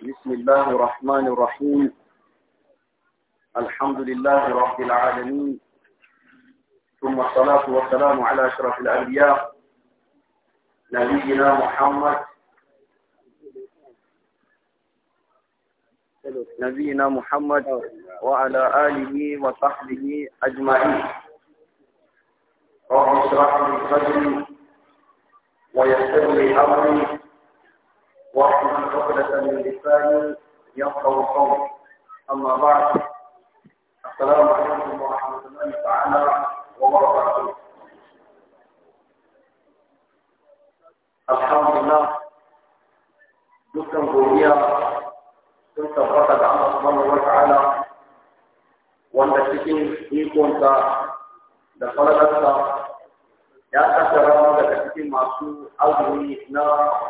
بسم الله الرحمن الرحيم الحمد لله رب العالمين ثم الصلاة والسلام على أشرف الأنبياء نبينا محمد نبينا محمد وعلى آله وصحبه أجمعين رب اشرح لي صدري ويسر لي أمري واحمد عقدة من لساني يفقه قولي أما بعد السلام عليكم ورحمة الله تعالى وبركاته الحمد لله dukkan godiya sun tabbata da Allah subhanahu wanda cikin ikonta da falalarsa ya kaddara daga cikin masu azumi na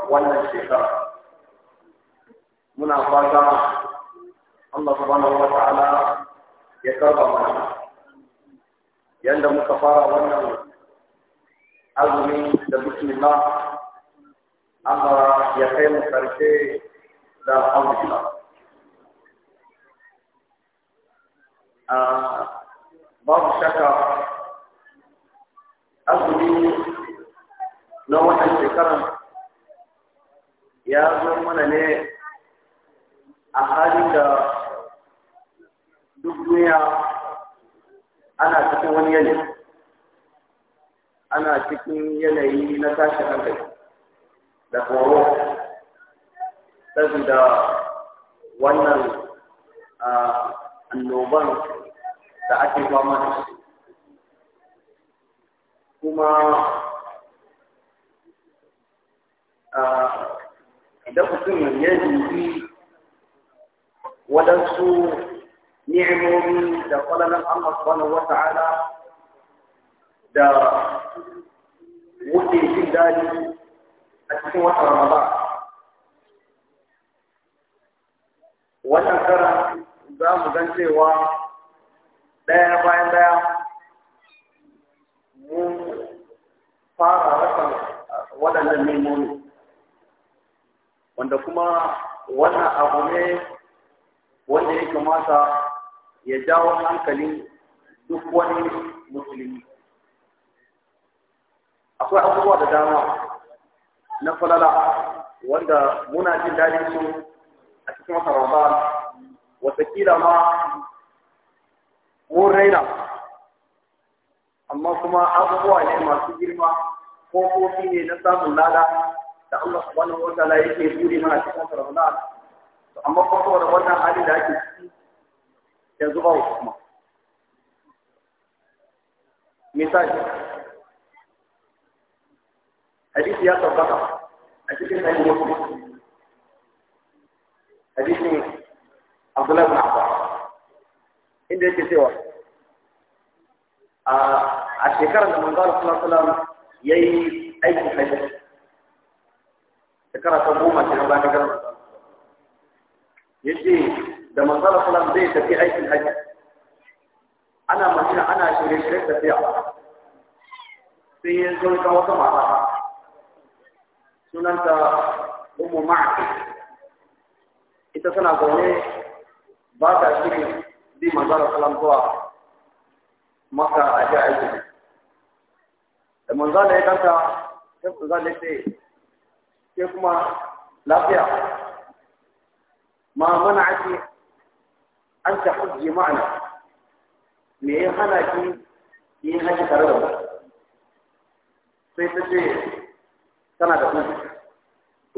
wannan shekara muna fata Allah subhanahu wa ta'ala ya karba mana yanda muka fara wannan azumi da bismillah Allah ya kai mu karshe da alhamdulillah babu shaka azumi na wannan shekaran ya zo mana ne a halin da duk duniya ana cikin wani yanayi ana cikin yanayi na tashi hankali da horo saboda wannan annoban da ake fama da shi kuma idan mutum ya yi waɗansu ni'imomi da kwallon Allah subhanahu wa ta'ala da wuce jin daɗi a cikin wata Ramadan. Wannan karan za mu gan cewa ɗaya bayan ɗaya mun fara rasan waɗannan ni'imomi wanda kuma wannan abu ne wanda ya kamata ya jawo hankalin duk wani musulmi akwai abubuwa da dama na falala wanda muna jin daɗin su a cikin wata rama watakila ma mun raina amma kuma abubuwa ne masu girma ko kofi ne na samun lada da Allah subhanahu wa ta'ala yake buri mana cikin ramadan amma kuma da wannan hali da ake ciki yanzu ba hukuma misali hadisi ya tabbata a cikin sahihi muslim ne Abdullahi bin Abbas inda yake cewa a shekarar da manzo Allah sallallahu alaihi wasallam yayi aikin hajji shekara ta goma kenan bayan garin yace da manzon sallam zai tafi aikin haji ana mashina ana shirye shirye tafiya sai ya zo ga wata mata sunanta ummu ma'a ita tana zaune ba ta shirin bi manzon sallam zuwa maka a ji aiki da manzon ya kanta sai manzon ya ce Sai kuma lafiya ما منعك أن تحج معنا me hana ki yin haji tare da mu sai ta ce tana da uzuri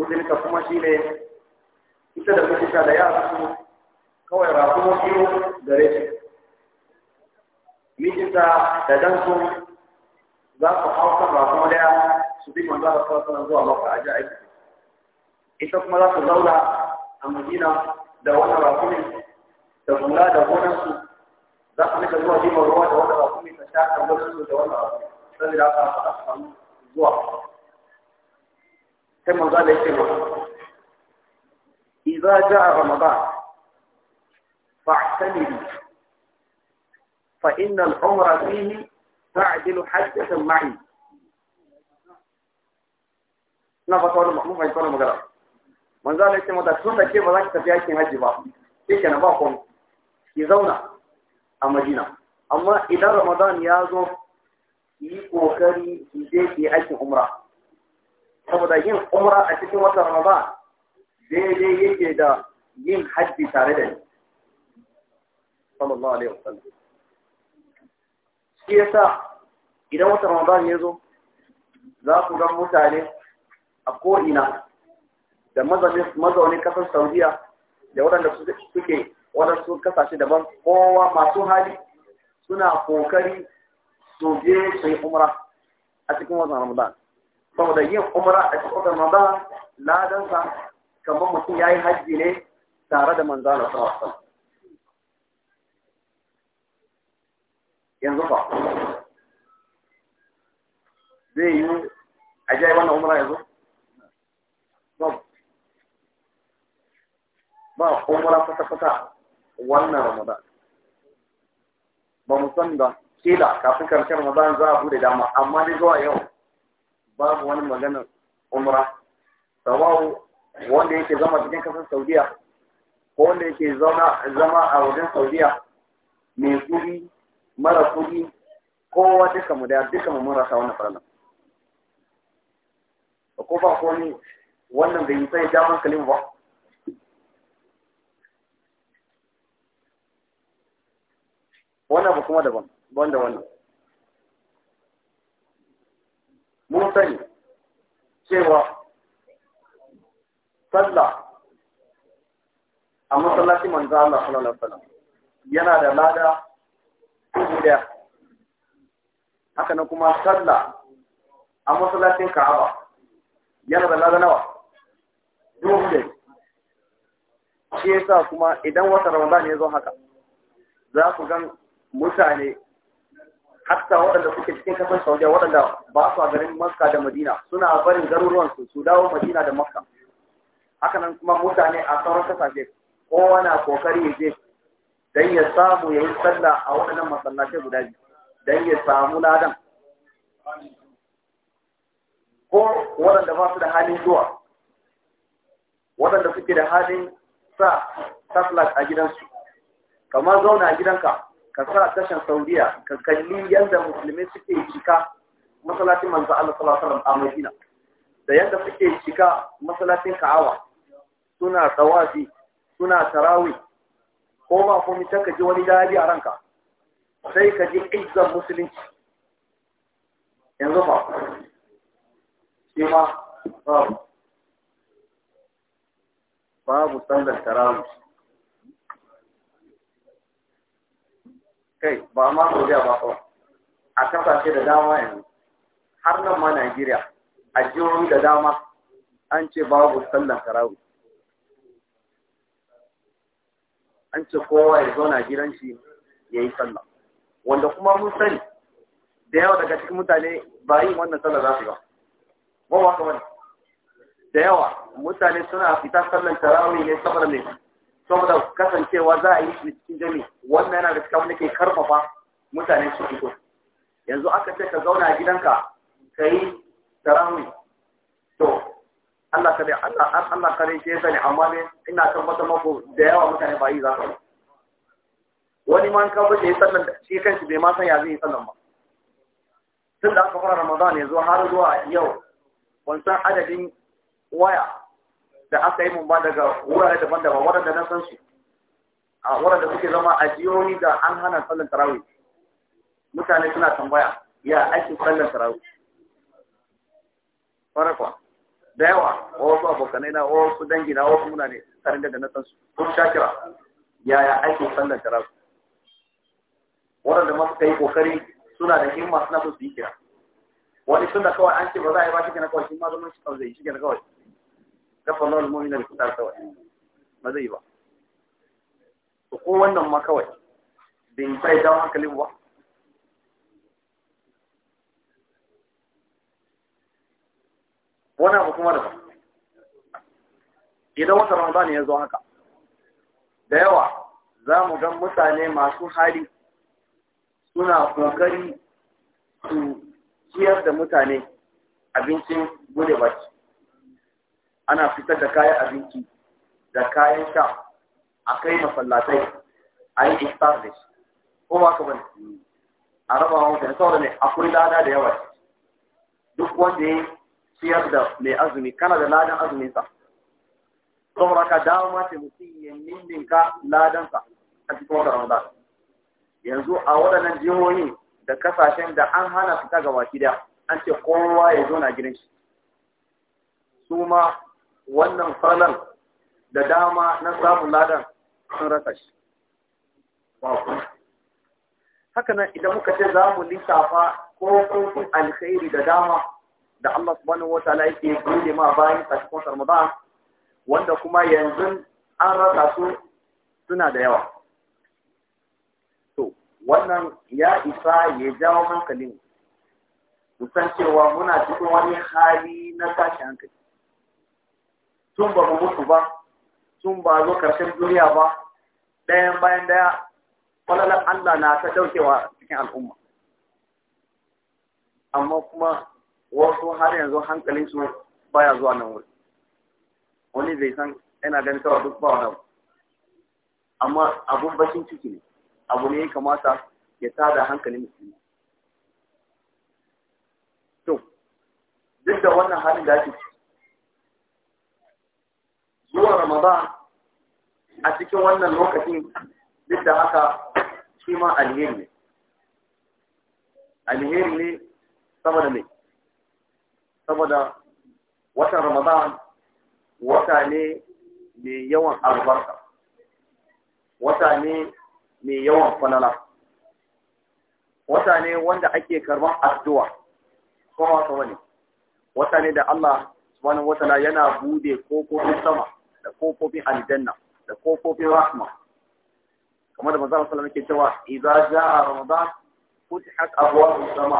uzurinka kuma shi ne ita da mijinta da yara su kawai rakumo biyu gare mijinta da dansu za su hau kan rakumo daya su bi manzo Allah sallallahu alaihi zuwa maka aje aiki ita kuma za su zauna a madina da wannan rakumin da kula da gonarsu za a nika zuwa jima ruwa da wannan rakumin ta sha kan gonarsu da wannan rakumin saboda haka ba a samu zuwa sai manzo da yake masa idza jaa ramadan fa'tamili fa inna al-umra fihi ta'dilu hajjatan ma'i na ba tawar mu fahimta magana manzo ya ce mata tun da ke ba za ki tafi yakin haji ba kike na ba ki zauna a Madina amma idan Ramadan ya zo yi kokari ki je ki aikin umra saboda yin umra a cikin wata Ramadan daidai yake da yin haji tare da ni sallallahu alaihi wasallam shi yasa idan watan Ramadan ya zo za ku ga mutane a ko'ina da mazaunin kasar saudiya da waɗanda suke waɗansu kasashe daban kowa masu hali suna kokari su je su yi umra a cikin watan ramadan saboda yin umra a cikin watan ramadan ladansa kamar mutum ya yi hajji ne tare da manzana sa'asar yanzu fa zai yi a jai wannan umra yanzu ba umra fata-fata wannan ramadan ba mu san da kila kafin karshen ramadan za a bude dama amma dai zuwa yau babu wani maganar umra sabawu wanda yake zama cikin kasar saudiya ko wanda yake zama a wajen saudiya mai kuri mara kuri kowa duka mu da duka mu rasa wannan farnan ko ba ko ni wannan bai yi sai ja hankalin ba Wannan ba kuma daban da wannan mun sani cewa sallah a masallaci manzo Allah sallallahu alaihi wasallam yana da lada dubu daya haka nan kuma sallah a masallacin Ka'aba yana da lada nawa dubu daya shi yasa kuma idan wata Ramadan ya zo haka za ku gan mutane hatta waɗanda suke cikin kafin Saudiya waɗanda ba su a garin Makka da Madina suna barin garuruwan su dawo Madina da Makka haka nan kuma mutane a sauran kasashe kowa na kokari ya je don ya samu ya yi sallah a waɗannan masallatai guda biyu don ya samu ladan ko waɗanda ba su da halin zuwa waɗanda suke da halin sa satellite a gidansu kamar zauna a gidanka kasar a tashan saudiya ka kalli yadda musulmi suke cika masalatin manzo Allah sallallahu alaihi wasallam a Madina da yadda suke cika masalatin Ka'aba suna tawafi suna tarawi ko ba ko mutum ka ji wani dadi a ranka sai ka ji izzar musulunci yanzu ba shi ma babu babu tarawi. tarawih kai ba ma Saudiya ba kawai a kasashe da dama yanzu har nan ma Najeriya a jihohi da dama an ce babu sallan karawu, an ce kowa ya zauna gidan shi ya yi sallah wanda kuma mun sani da yawa daga cikin mutane ba yin wannan sallah za su ba ba wa kamar da yawa mutane suna fita sallan tarawih ne saboda mai saboda kasancewa za a yi shi cikin jami wannan yana da cikin wanda ke karfafa mutane su fito yanzu aka ce ka zauna a gidanka ka yi tarawih to Allah kare Allah Allah kare shi ya ne amma ne ina tabbatar maku da yawa mutane ba yi za su wani man ka bude sallan shi kanshi bai ma san ya zai yi sallan ba tun da aka fara Ramadan yanzu har zuwa yau ban san adadin waya da aka yi mun ba daga wurare daban-daban waɗanda na san su a waɗanda suke zama a da an hana sallan tarawih mutane suna tambaya ya ake sallan tarawih farakwa da yawa wasu abokanai na wasu dangi na wasu muna ne tsarin da na san su kun shakira ya ake sallan tarawih waɗanda ma suka yi kokari suna da himma suna so su yi kira wani suna kawai an ce ba za a yi ba shi kenan kawai shi ma zama shi kawai zai shi kenan kawai dafa lawal mu'min da kitab kawai ba zai ba to ko wannan ma kawai bin sai dawo hankalin ba wani abu kuma da ba idan wata ramadan ya zo haka da yawa za mu ga mutane masu hali suna kokari su ciyar da mutane abincin gude baki ana fitar da kayan abinci da kayan sha a kai masallatai a yi iftar da shi ko ba ka bane a raba wa mutane saboda ne akwai lada da yawa duk wanda ya ciyar da mai azumi kana da ladan azuminsa. sa saboda ka dawo ma mutum ya ninninka ladan sa a cikin wata ramadan yanzu a waɗannan jihohi da kasashen da an hana fita ga baki daya an ce kowa ya zo na gidan shi su ma wannan falon da dama na samun ladan sun rasa shi haka idan muka ce za mu lissafa kofofin alkhairi da dama da Allah subhanahu wa ta'ala yake bude ma bayan mu ba, wanda kuma yanzu an rasa su suna da yawa to wannan ya isa ya jawo hankalin mu san cewa muna cikin wani hali na tashi hankali Sun ba mu mutu ba sun ba zo karshen duniya ba ɗayan bayan ɗaya falalar Allah na ta daukewa cikin al'umma amma kuma wasu har yanzu hankalinsu baya zuwa nan wuri wani bai san yana ganin kawai duk ba wani amma abun bakin ciki ne abu ne ya kamata ya tada hankalin musulmi to duk da wannan halin da ake ciki zuwa ramadan a cikin wannan lokacin duk da haka shi ma alheri ne alheri ne saboda mai saboda watan ramadan wata ne mai yawan albarka wata ne mai yawan falala wata ne wanda ake karban addu'a kuma wata wani wata ne da Allah subhanahu watana yana bude kofofin sama da kofofin aljanna da kofofin rahma kamar da manzo sallallahu alaihi wasallam yake cewa idza jaa ramadan futihat abwaabus sama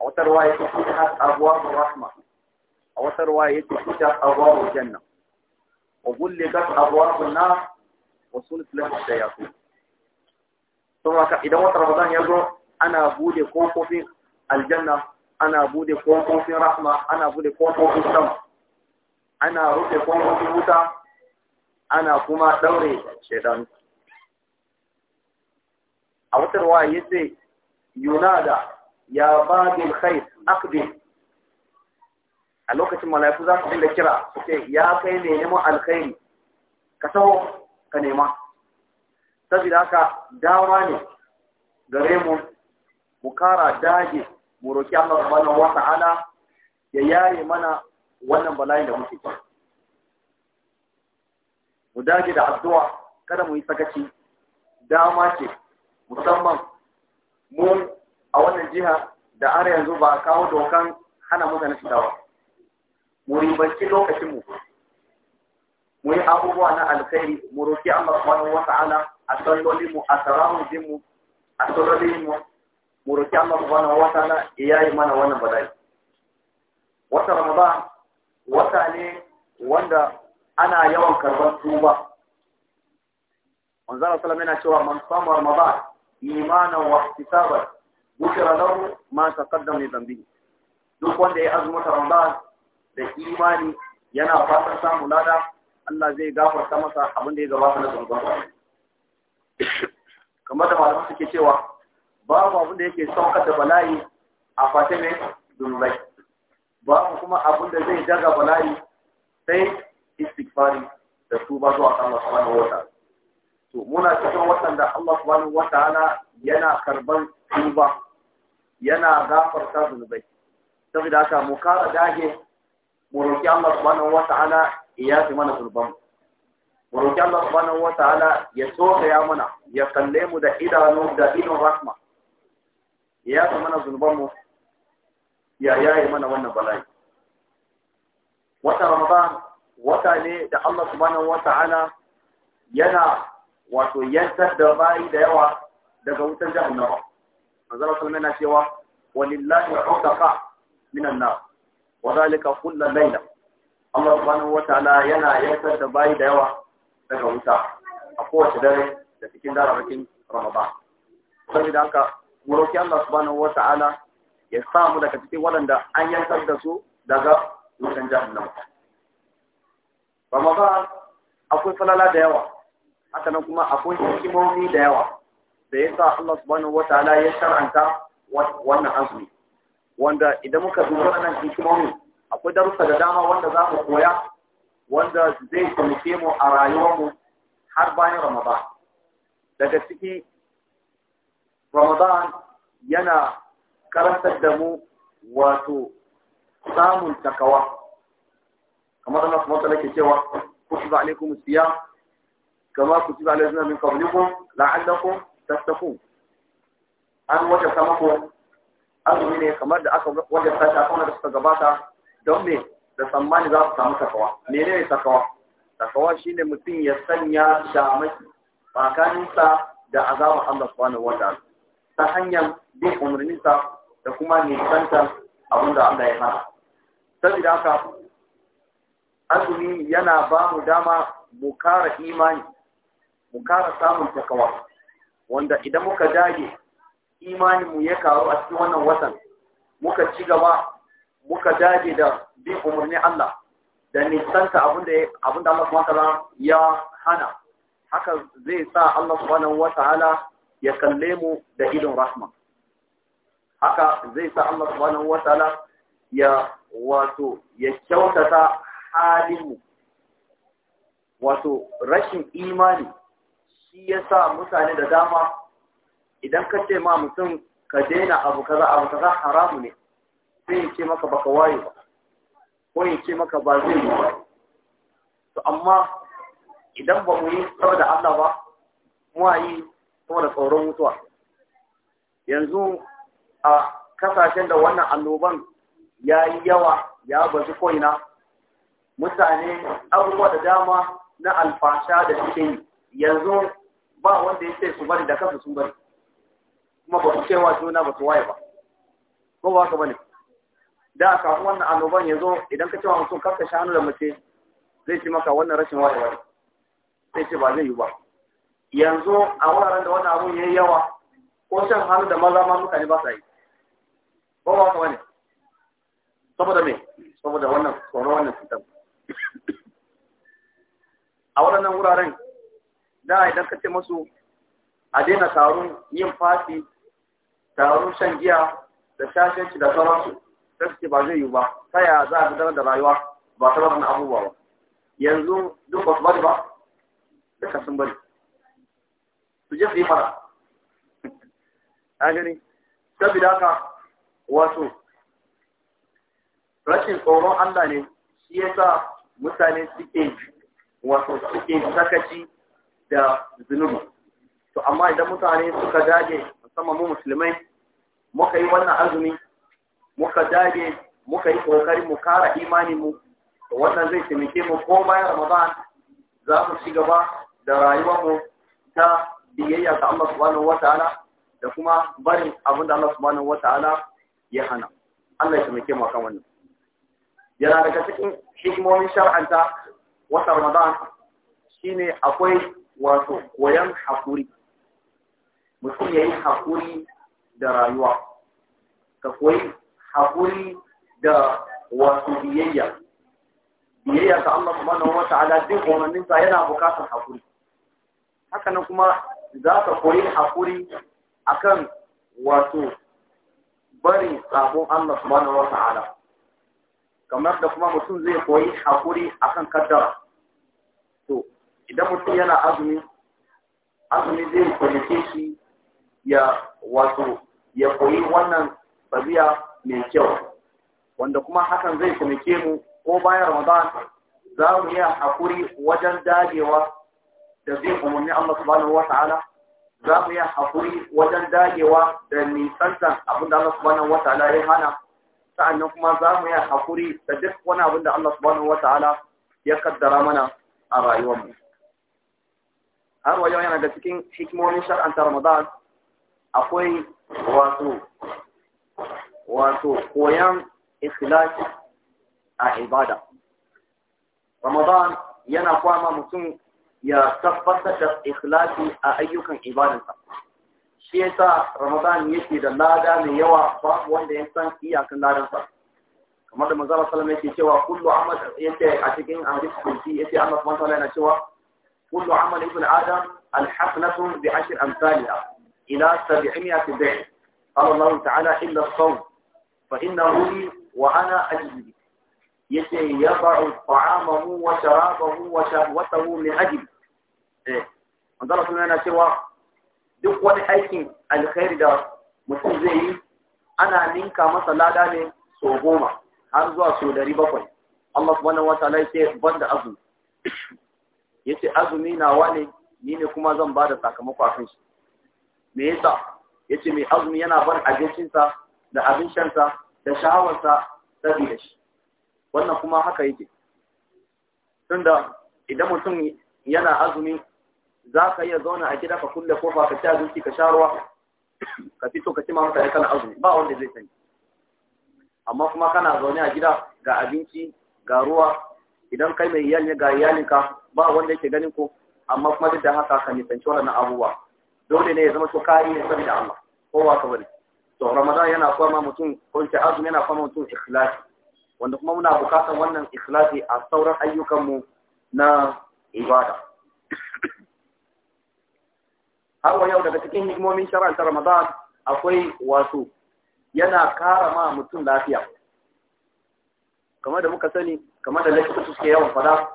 a wata ruwaya yake futihat abwaabur rahma a wata ruwaya yake futihat abwaabul janna wa ghulliqat abwaabun nar wa sulilat shayatin to haka idan wata ramadan ya zo ana bude kofofin aljanna ana bude kofofin rahma ana bude kofofin sama ana rufe kwamfafin wuta ana kuma ɗaure shaidan a wata wa ya ce yunada ya babin khair akbi a lokacin mala'iku za su dinga kira su ya kai ne neman alkhairi ka taho ka nema saboda haka dama ne gare mu mu kara daji mu roki Allah subhanahu wa ta'ala ya yare mana wannan bala'in da muke ba. mu dage da addu'a kada mu yi sakaci dama ce musamman mu a wannan jiha da ara yanzu ba a kawo dokan hana mutane fita ba mu ribanci lokacin mu mu yi abubuwa na alkhairi mu roƙi Allah subhanahu wa ta'ala a sallolin mu a tarawih mu a sallolin mu mu roki Allah subhanahu wa ta'ala ya yi mana wannan bala'i wata ramadan wata ne wanda ana yawan karban tuba manzara sallam yana cewa man samar mabat imanan wa ihtisaban bushra lahu ma taqaddama min zambi. duk wanda ya azumta ramadan da imani yana fatan samun lada Allah zai gafarta masa abin da ya gabata na zunubansa kamar da malamu suke cewa babu abin da yake saukar da bala'i a fatime zunubai babu kuma abin da zai daga bala'i sai istighfari da tuba zuwa Allah subhanahu wataala to muna cikin waɗanda Allah subhanahu wataala yana karban tuba yana gafarta zunubai saboda haka mu kara dage mu roki Allah subhanahu wataala ya yi mana zunuban mu roki Allah subhanahu wataala ya soka ya mana ya kalle mu da idanu da idon rahma ya yi mana zunuban mu ya yaye mana wannan bala'i wata ramadan wata ne da Allah subhanahu wata'ala yana wato yantar da bayi da yawa daga wutar jahannama manzo Allah sallallahu alaihi cewa walillahi al-uqaqa minan nar wa zalika kullu layla Allah subhanahu wata'ala yana yantar da bayi da yawa daga wuta a kowace dare da cikin dararrakin ramadan saboda haka mu roki Allah subhanahu wata'ala ya samu daga cikin waɗanda an yankar da su daga wutan jahannama ramadan akwai falala da yawa haka nan kuma akwai hikimomi da yawa da ya sa Allah subhanahu Ta'ala ya shar'anta wannan azumi wanda idan muka duba wannan hikimomi akwai darussa da dama wanda za mu koya wanda zai taimake mu a rayuwarmu har bayan ramadan daga ciki ramadan yana karantar da mu wato samun takawa kamar Allah subhanahu wa ke cewa kutiba alaikum siyam kama zaɓe alaikum min qablikum la'allakum tattaqun an wajen samako an azumi ne kamar da aka wajen ta kuma da suka gabata don me da tsammani za su samu takawa ne takawa takawa shine mutum ya sanya shamaki tsakaninsa da azabar Allah subhanahu wa ta'ala ta hanyar bin umarninsa da kuma nisantar abin da Allah ya hana saboda haka azumi yana ba mu dama mu kara imani mu kara samun takawa wanda idan muka dage imani mu ya karu a cikin wannan watan muka ci gaba muka dage da bin umarnin Allah da nisanta abinda Allah ya hana haka zai sa Allah subhanahu wataala ya kalle mu da idon rahma haka zai sa Allah subhanahu wataala ya wato ya kyautata halinmu wato rashin imani shi yasa mutane da dama idan ka ce ma mutum ka daina abu kaza abu kaza haramu ne sai ya ce maka baka waye ba ko ya ce maka ba zai yi ba to amma idan ba mu yi saboda Allah ba mu yi saboda tsoron mutuwa yanzu a kasashen da wannan annoban ya yi yawa ya bazu koina mutane abubuwa da dama na alfasha da suke yanzu ba wanda ya ce su bari da kasu sun bari kuma ba su cewa juna ba su waye ba ko ba ka bane da a kafin wannan annoban ya zo idan ka cewa mutum kafin shanu da mace zai ce maka wannan rashin wayewa zai ce ba zai yi ba yanzu a wuraren da wannan abun ya yi yawa ko shan hannu da maza ma mutane ba sa yi ba ba ka bane saboda me saboda wannan tsoron wannan cutar a waɗannan wuraren da idan ka ce masu a daina taron yin fati taron shan giya da shashanci da sauransu da suke ba zai yiwu ba ta yaya za a gudanar da rayuwa ba ta wannan abubuwa ba yanzu duk ba su bari ba duka sun bari su je su yi fara a gani sabida haka wato rashin tsoron Allah ne shi yasa mutane suke wato suke sakaci da zunubi to amma idan mutane suka dage musamman mu musulmai muka yi wannan azumi muka dage muka yi kokari mu kara imani mu to wannan zai taimake mu ko bayan Ramadan za mu ci gaba da rayuwar mu ta biyayya ga Allah subhanahu wataala da kuma barin abin da Allah subhanahu wataala ya hana Allah ya taimake mu akan wannan yana daga cikin hikimomin shar'anta wata Ramadan shine akwai wato koyan hakuri mutum yayi hakuri da rayuwa ka koyi hakuri da wato biyayya biyayya ta Allah subhanahu ta'ala duk umarnin sa yana bukatar hakuri haka nan kuma za ka koyi hakuri akan wato bari sabon Allah subhanahu wa ta'ala kamar da kuma mutum zai koyi hakuri akan kaddara to idan mutum yana azumi azumi zai kwalice shi ya wato ya koyi wannan tabiya mai kyau wanda kuma hakan zai kumike mu ko bayan Ramadan za mu yi hakuri wajen dagewa da zai umarni Allah subhanahu wa ta'ala za mu yi haƙuri wajen dagewa da nisantar abin da Allah subhanahu wa ta'ala ya hana sa'annan kuma za mu yi haƙuri da duk wani abin da Allah subhanahu wa ta'ala ya kaddara mana a rayuwarmu har wajen yana da cikin hikimomin shar'anta ramadan akwai wato wato koyan ikhlasi a ibada ramadan yana kwama mutum ya tabbatar da ikhlasi a ayyukan ibadansa shi yasa ramadan yake da lada mai yawa ba wanda ya san iyakan ladansa kamar da manzo sallallahu yake cewa kullu amal yace a cikin hadisi kunci yace Allah subhanahu wa ta'ala cewa kullu amal ibn adam alhasanatu bi ashr amsalha ila 700 bay qala illa as-sawm fa innahu li wa ana ajli yace eh manzala sun yana cewa duk wani aikin alkhairi da mutum zai yi ana ninka masa lada ne so goma har zuwa so dari bakwai Allah subhanahu wataala yake da azumi yace azumi nawa ne ni ne kuma zan ba da sakamako a kan shi me yasa yace mai azumi yana ban abincinsa da abin shansa da shahawarsa da shi wannan kuma haka yake tunda idan mutum yana azumi za ka iya zauna a gida ka kulle kofa ka ci abinci ka sha ruwa ka fito ka ma mutane kana azumi ba wanda zai sani amma kuma kana zaune a gida ga abinci ga ruwa idan kai mai iyali ne ga iyalinka ba wanda yake ganin ko amma kuma duk da haka ka nisanci wannan abubuwa dole ne ya zama to kayi ne saboda Allah kowa ka bari to Ramadan yana kwama mutum ko ce azumi yana kuma mutum ikhlasi wanda kuma muna bukatar wannan ikhlasi a sauran ayyukanmu na ibada har wa yau daga cikin hikimomin ta Ramadan akwai wato yana kara ma mutum lafiya kamar da muka sani kamar da su suke yawan fada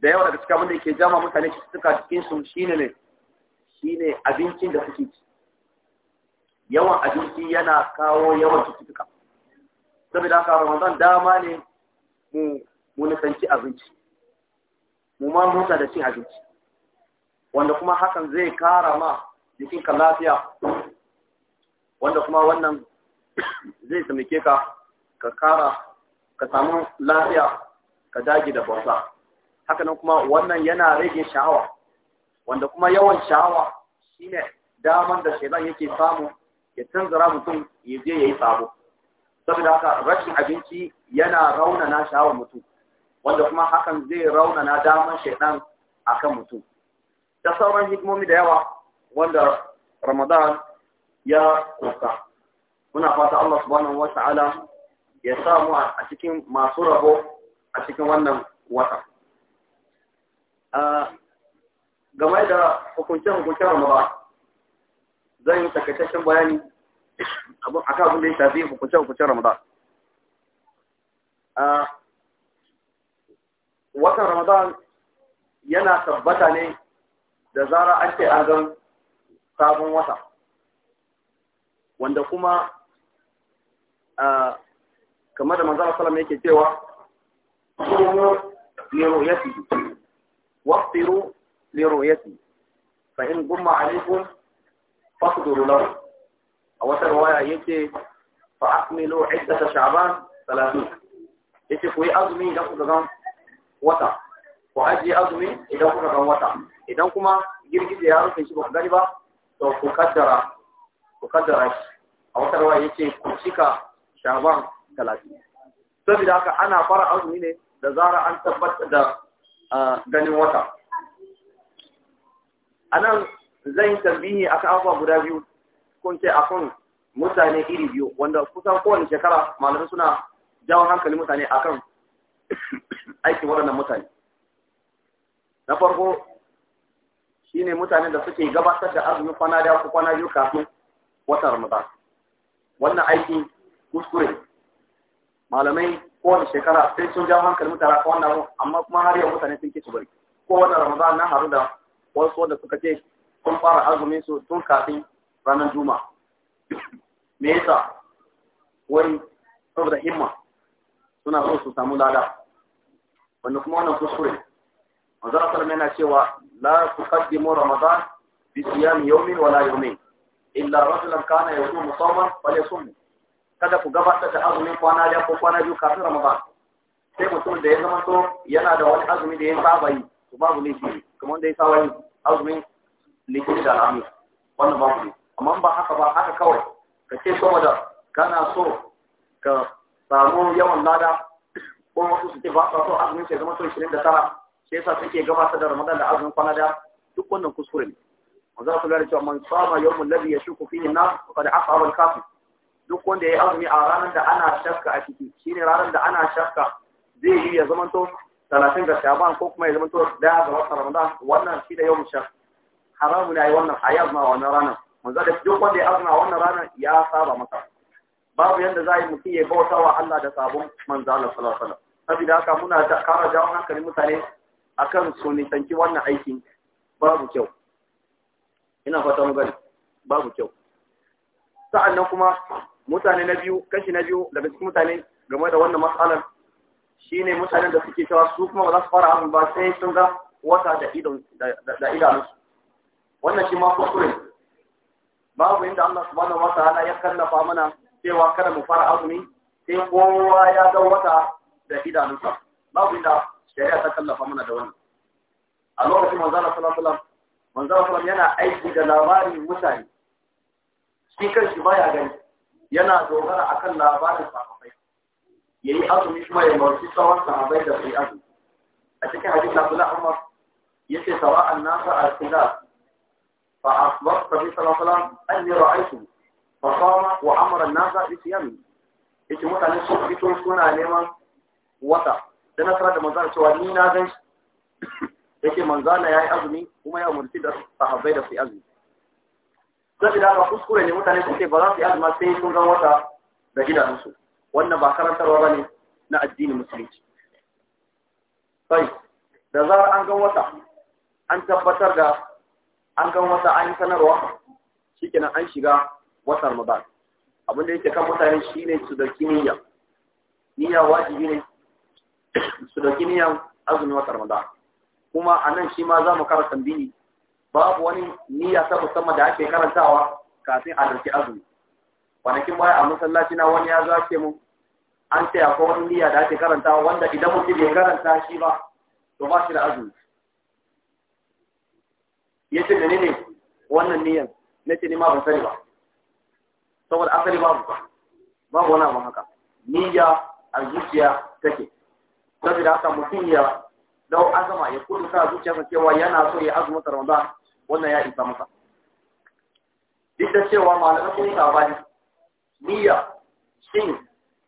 da yawa daga cikin abin da ke jama mutane suka cikin su shine ne shine abincin da suke ci yawan abinci yana kawo yawan cututtuka saboda haka Ramadan dama ne mu mu nufanci abinci mu ma musa da cin abinci wanda kuma hakan zai kara ma jikinka lafiya wanda kuma wannan zai samike ka ka kara ka samu lafiya ka dage da bauta hakanan kuma wannan yana rage sha'awa wanda kuma yawan sha'awa shine daman da shaidan yake samu ya tanzara mutum ya je yayi sabo saboda haka rashin abinci yana raunana sha'awar mutum wanda kuma hakan zai raunana daman shaidan akan mutum da sauran hikimomi da yawa wanda Ramadan ya kusa. Muna fata Allah subhanahu wa ta'ala ya samu a cikin masu rabo a cikin wannan wata. Game da hukunce-hukuncen Ramadan, zan yi takaitaccen bayani a kan abin da ya shafi hukunce-hukuncen Ramadan. Watan Ramadan yana tabbata ne da zara an ce an gan sabon wata wanda kuma kamar da manzara salama yake cewa sumu liru'yati waqtiru ya fi fahim gumma alaikum fasduru lahu a wata waya yake fa akmilu iddata sha'ban 30 yake ku yi azumi da ku ga wata ku ajiye azumi idan kuka ga wata idan kuma girgije ya rufe shi ba ku gani ba to ku kaddara ku kaddara shi a wata rawa yace ku cika shaban talatin saboda haka ana fara azumi ne da zara an tabbatar da ganin wata anan zan yi tambihi akan abubuwa guda biyu kun ce a kan mutane iri biyu wanda kusan kowane shekara malamai suna jawo hankali mutane akan aikin waɗannan mutane na farko shi ne mutanen da suke gabatar da azumi kwana da ku kwana biyu kafin watan Ramadan wannan aiki kuskure malamai kowane shekara sai sun jawo hankali mutane ko wannan amma kuma har yau mutane sun kici bari ko wannan Ramadan na haru da wasu wanda suka ce sun fara azumin su tun kafin ranar Juma'a me yasa wani saboda himma suna so su samu lada wanda kuma wannan kuskure manzo Allah yana cewa la tuqaddimu ramadan bi siyam yawmin wala yawmin illa rasulun kana bale sun mu. kada ku gabatar da azumin kwana da ko kwana biyu kafin ramadan sai mutum da ya zama to yana da wani azumi da ya saba yi ku babu ne shi kamar da ya saba yi azumin litinin da alhamis wannan babu ne amma ba haka ba haka kawai ka ce saboda kana so ka samu yawan lada ko wasu su ce ba su so azumin sai zama so 29 sai yasa suke gabatar da Ramadan da azumin kwana da duk wannan kuskure ne za Allah ya cewa man sama yawmul ladhi yashuku fihi an-nas faqad asaba al-kafir duk wanda yayi azumi a ranar da ana shakka a ciki shine ranar da ana shakka zai yi ya zama to 30 ga Shaban ko kuma ya zama to da ga watan Ramadan wannan shi da yawmul shak haramu ne wannan hayaz ma wannan ranar manzo da duk wanda yayi azumi a wannan ranar ya saba masa babu yanda za a yi mutum ya bautawa Allah da sabon manzo Allah sallallahu alaihi wasallam saboda haka muna kara jawo hankalin mutane akan so tanki wannan aikin babu kyau ina fata mu gani babu kyau sa'annan kuma mutane na biyu kashi na biyu daga cikin mutane game da wannan matsalar shine mutanen da suke cewa su kuma ba za su fara abin ba sai sun ga wata da idanunsu wannan shi ma kuskure babu inda Allah subhanahu wa ta'ala ya kallafa mana cewa kada mu fara azumi sai kowa ya ga wata da idanunsa babu inda shari'a ta tallafa mana da wannan a lokacin manzala sallallahu alaihi wasallam yana aiki da labarin mutane shi kanshi baya gani yana dogara akan labarin sahabbai yayi azumi kuma ya marci tsawon sahabbai da su azumi a cikin hadisi Abdullah Umar yace sawa'an nasa al-khilaf fa asbahta bi sallallahu alaihi wasallam anni ra'aytu fa qama wa amara an-nasa bi siyami yace mutane su fito suna neman wata da nasara da manzana cewa ni na gan shi yake manzana ya yi azumi kuma ya umarci da sahabbai da su yi azumi Zan fi daga kuskure ne mutane su ce ba za su yi azumi sai sun gan wata da gidansu wannan ba karantarwa ba ne na addinin musulunci sai da zarar an gan wata an tabbatar da an gan wata an yi sanarwa shikenan an shiga watan ramadan da yake kan mutane shine su da kimiyya, niyya wajibi ne su dauki niyan azumi wata ramadan kuma a nan shi ma za mu karanta biyu babu wani niyya ta musamman da ake karantawa kafin a dauki azumi kwanakin baya a masallaci na wani ya zo ce mun an ce a wani niyya da ake karantawa wanda idan mutum bai karanta shi ba to ba shi da azumi ya ce da ne wannan niyyan na ce ni ma ban sani ba saboda asali babu ba babu wani abu haka niyya a zuciya take saboda haka mutum ya dau azama ya kudu sa zuciyarsa cewa yana so ya azumi Ramadan wannan ya isa masa duk da cewa malamai sun bani niyya shin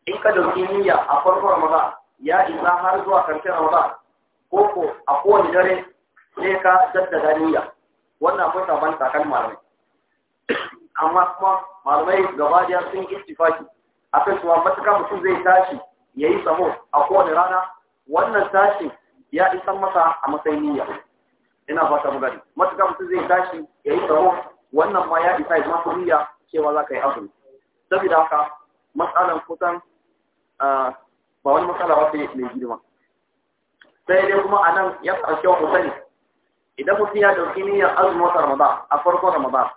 in ka dauki niyya a farkon Ramadan ya isa har zuwa karshen Ramadan ko ko a kowane dare sai ka jaddada niyya wannan akwai saban takan malamai amma kuma malamai gaba daya sun istifaki akan cewa matuka mutum zai tashi ya yi tsaho a kowane rana wannan tashi ya isan masa a matsayin niyya ina ba ta gari matuƙa mutum zai tashi ya yi tsaro wannan ma ya isa ya zama niyya cewa za ka yi azumi saboda haka matsalan kusan ba wani matsala ba sai mai girma sai dai kuma a nan ya ɗauki wa kusan idan mutum ya ɗauki niyyar azumin wata ramadan a farkon ramadan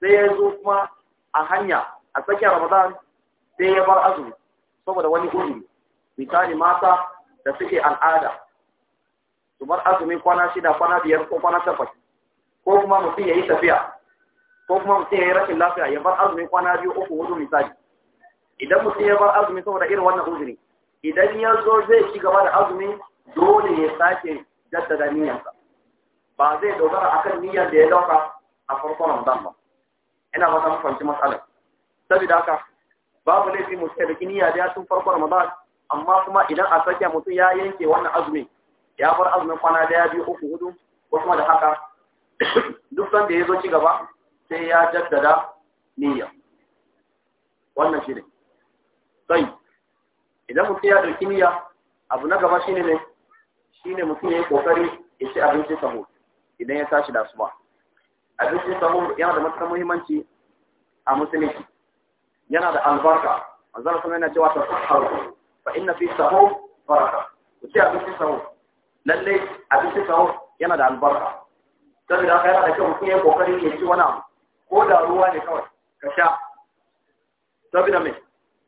sai ya zo kuma a hanya a tsakiyar ramadan sai ya bar azumi saboda wani uzuri misali mata da suke al'ada kamar azumi kwana shida kwana biyar ko kwana takwas ko kuma mutum ya yi tafiya ko kuma mutum ya yi rashin lafiya ya bar azumi kwana biyu uku hudu misali idan mutum ya bar azumi saboda irin wannan uzuri idan ya zo zai ci gaba da azumi dole ya sake jaddada niyyarsa ba zai dogara akan niyyar da ya dauka a farkon ramadan ba ina ba ta fahimci matsalar saboda haka babu laifi mutum ya da niyya da ya tun farkon ramadan amma kuma idan a sake mutum ya yanke wannan azumin ya bar azumin kwana daya biyu uku hudu ko kuma da haka duk sanda ya zo ci gaba sai ya jaddada niyya wannan shi ne sai idan mutum ya ɗauki niyya abu na gaba shine ne shine mutum ya yi kokari ya ci abinci sabo idan ya tashi da asuba abinci sabo yana da matuƙar muhimmanci a musulunci yana da albarka Manzara kuma yana cewa ta sahur fa inna fi sahur baraka ku ci abincin sahur lalle abincin sahur yana da albarka saboda haka yana da kyau mutum ya kokari ne ci wani abu ko da ruwa ne kawai ka sha mai, me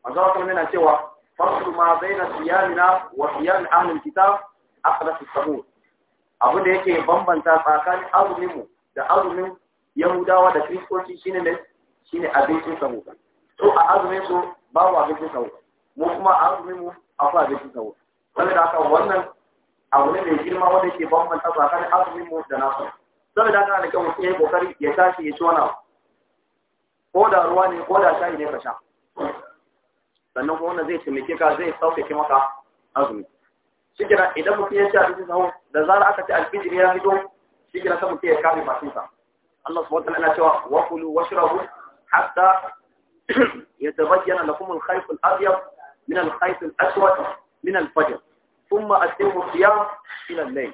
manzo kuma yana cewa farsu ma baina siyamina wa siyam ahli alkitab aqlas as-sahur abu da yake bambanta tsakanin azumin mu da azumin yahudawa da kristoci shine ne shine abincin sahur to a azumin su babu abincin sahur mu kuma a a afa da shi saboda da aka wannan abu ne mai girma wanda ke bambanta a rufe mu da nasu da haka da kyau sai ya kokari ya tashi ya ci wani abu ko da ruwa ne ko da shayi ne ka sha sannan kuma wannan zai taimake ka zai ke maka azumi shi kira idan mutum ya ci abincin sahu da zara aka ci alfijir ya fito shi kira sai mutum ya kame bakinsa Allah subhanahu wataala yana cewa wa kulu washrabu hatta yatabayyana lakum al-khayt al-abyad من الخيط الأسود من الفجر Ku أتم الصيام إلى الليل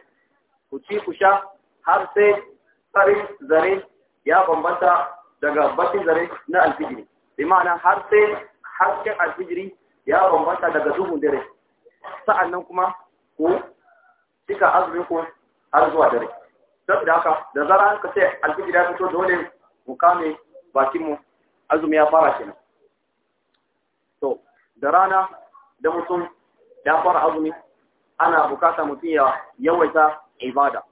وتشيك شا هرسي قريب زرين يا بمبتا دقابتي زرين نا الفجري بمعنى هرسي حركة الفجري ya bambanta daga duhun dare sa'an nan kuma ku cika azumin ku har zuwa dare don da haka da zara an kace alfijir ya fito dole mu kame bakinmu azumi ya fara kenan da rana da mutum ya fara azumi ana bukata mutum ya yawaita ibada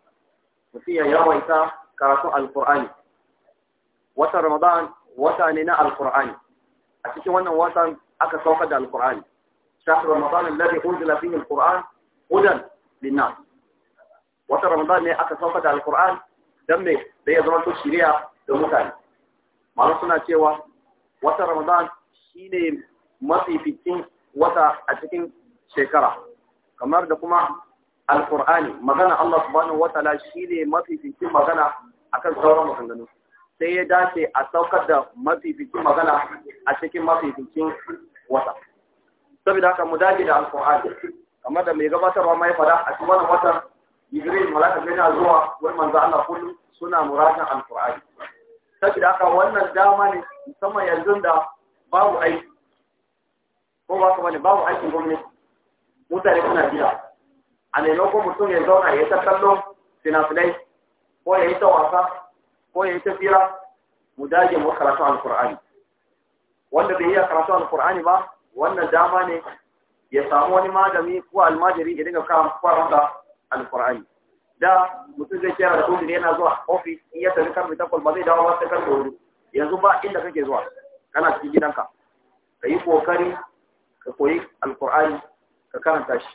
mutum ya yawaita karatun alkur'ani Wata ramadan wata ne na alkur'ani a cikin wannan watan aka saukar da alkur'ani shafin ramadan alladhi unzila fihi alkur'an hudan linnas Wata ramadan ne aka saukar da alkur'an dan me da ya zama to shiriya da mutane ma'ana suna cewa wata ramadan shine mafificin wata a cikin shekara kamar da kuma alkur'ani magana Allah subhanahu wa ta'ala shine mafificin magana akan sauran maganganu sai ya dace a saukar da mafificin magana a cikin mafificin wata saboda haka mu dace da alkur'ani kamar da mai gabatarwa mai fada a cikin wannan watan Jibril malaka ne zuwa wani manzo Allah kullum suna muratan alkur'ani saboda haka wannan dama ne musamman yanzu da babu aiki ko ba kuma ne babu aikin gwamnati mutane suna jira a maimakon mutum ya zauna ya ta kallo finafinai ko ya yi ta wasa ko ya yi ta fira mu dage mu karatu alkur'ani wanda bai iya karatu alkur'ani ba wannan dama ne ya samu wani malami ko almajiri ya dinga karanta alkur'ani da mutum zai kera da kudi yana zuwa ofis in ya tafi karfe takwas ba zai dawo ba sai karfe hudu yanzu ba inda kake zuwa kana cikin gidanka ka yi kokari ka koyi alkur'ani ka karanta shi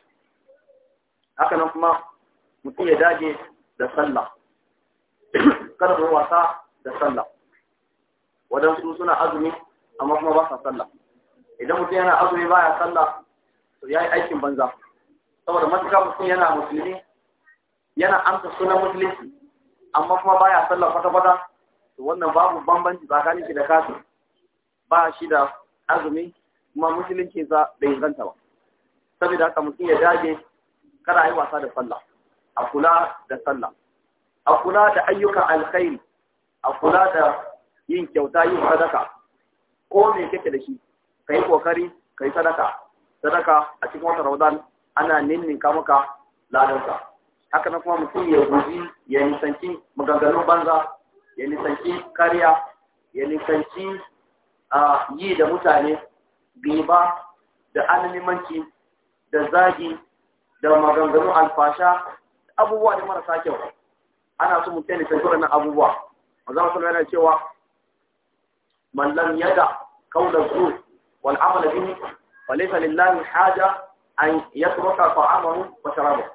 haka nan kuma mutum ya dage da sallah kada ku wasa da sallah Waɗansu suna azumi amma kuma ba sa sallah idan mutum yana azumi ba ya sallah to ya yi aikin banza saboda matuƙa mutum yana musulmi yana amsa sunan musulunci amma kuma ba ya sallah kwata-kwata to wannan babu bambanci tsakanin shi da kasu ba shi da azumi kuma musulunci za bai inganta ba saboda haka mutum ya dage kada a yi wasa da sallah a kula da sallah a kula da ayyukan alkhairi a kula da yin kyauta yin sadaka ko me kake da shi ka yi kokari ka yi sadaka sadaka a cikin wata ramadan ana ninninka maka ladanka haka na kuma mutum ya guji ya nisanci maganganun banza ya nisanci kariya ya nisanci ah, yi da mutane biba da alimanci da zagi da maganganu alfasha abubuwa da marasa kyau ana so mu kai nisan na abubuwa zama sun yana cewa man lam yada qawla zur wal amal bihi wa laysa lillahi haja an yatruka ta'amahu wa sharabahu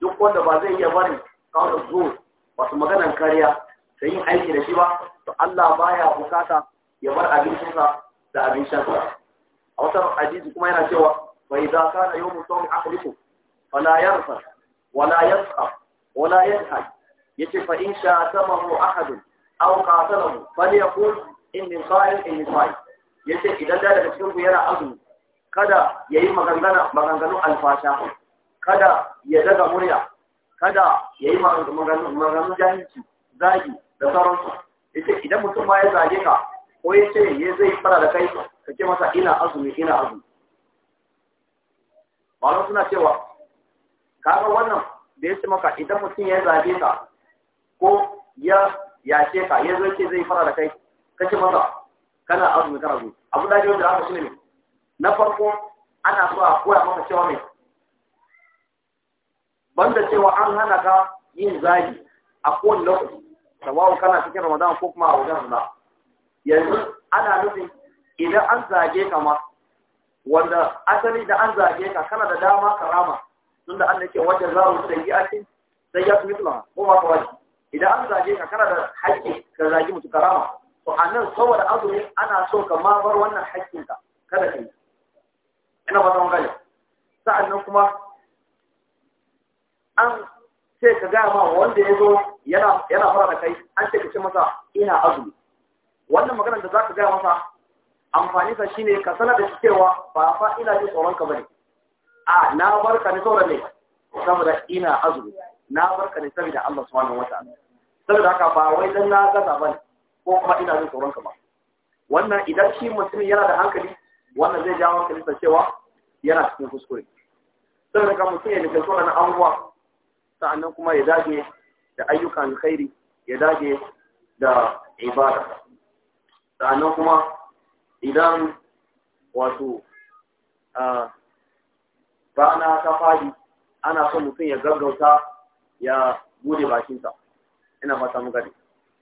duk wanda ba zai iya bari qawla ba wato maganan kariya da yin aiki da shi ba to Allah baya bukata ya bar abincinsa da abin shansa a wata hadisi kuma yana cewa fa idza kana yawmu sawmi ahlikum fala yarfa wala yasqa wala yanhaj yace fa in sha shatamahu ahad aw qatalahu falyaqul inni qa'il inni qa'il yace idan da daga cikin ku yana azumi kada yayi maganganu alfasha kada ya daga murya kada yayi maganganun jahilci zagi da sauransu yace idan mutum ma ya zage ka ko yace ya zai fara da kai ka ce masa ina azumi ina azumi malam suna cewa kaga wannan da ya ce maka idan mutum ya zage ka ko ya yace ka ya zo ce zai fara da kai ka ce masa kana azumi kana azumi abu da yau da aka shine ne na farko ana so a koya maka cewa mai banda cewa an hana ka yin zagi a kowane lokaci sabawa kana cikin ramadan ko kuma a wajen suna yanzu ana nufin idan an zage ka ma wanda asali da an zage ka kana da dama karama tun da Allah ke wajen zaru da yi ake sai ya fi ko ma kawai idan an zage ka kana da haƙƙi ka zage mutu karama to a nan saboda azumi ana so ka ma bar wannan haƙƙin ka kada ka yi ina ba zan gane sa'annan kuma an ce ka gaya ma wanda ya zo yana yana fara da kai an ce ka ce masa ina azumi wannan maganar da za ka gaya masa amfani sa shine ka sanar da cewa ba fa ina jin tsoron ka bane a na barka ne saboda ne saboda ina azumi na barka ne saboda Allah subhanahu wataala saboda haka ba wai dan na gaza bane ko kuma ina jin tsoron ka ba wannan idan shi mutum yana da hankali wannan zai jawo hankali sa cewa yana cikin kuskure saboda ka mutum ya nufi tsoron abubuwa sa'annan kuma ya dage da ayyukan khairi ya dage da ibada sa'annan kuma idan wato rana ta fadi ana son mutum ya gaggauta ya bude bakinsa ina fata muka gari.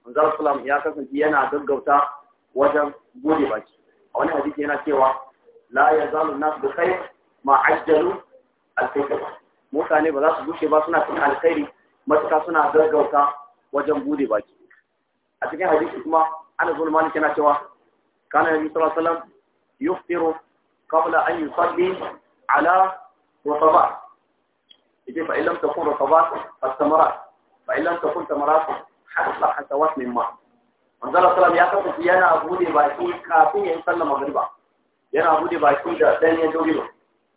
manzal sulam ya kasance yana gaggauta wajen bude baki a wani hadisi yana cewa la zalu nas bi khair ma ajjalu al mutane ba za su gushe ba suna cikin alkhairi matuka suna gaggauta wajen bude baki a cikin hadisi kuma ana zuwa malik yana cewa كان النبي صلى الله عليه وسلم يفطر قبل أن يصلي على رطبات يجي فإن لم تكن رطبات فالتمرات فإن لم تكن تمرات حتى حسوات من ماء manzala salam ya kasance yana bude baki kafin ya yi sallar magriba yana bude baki da danyen dogino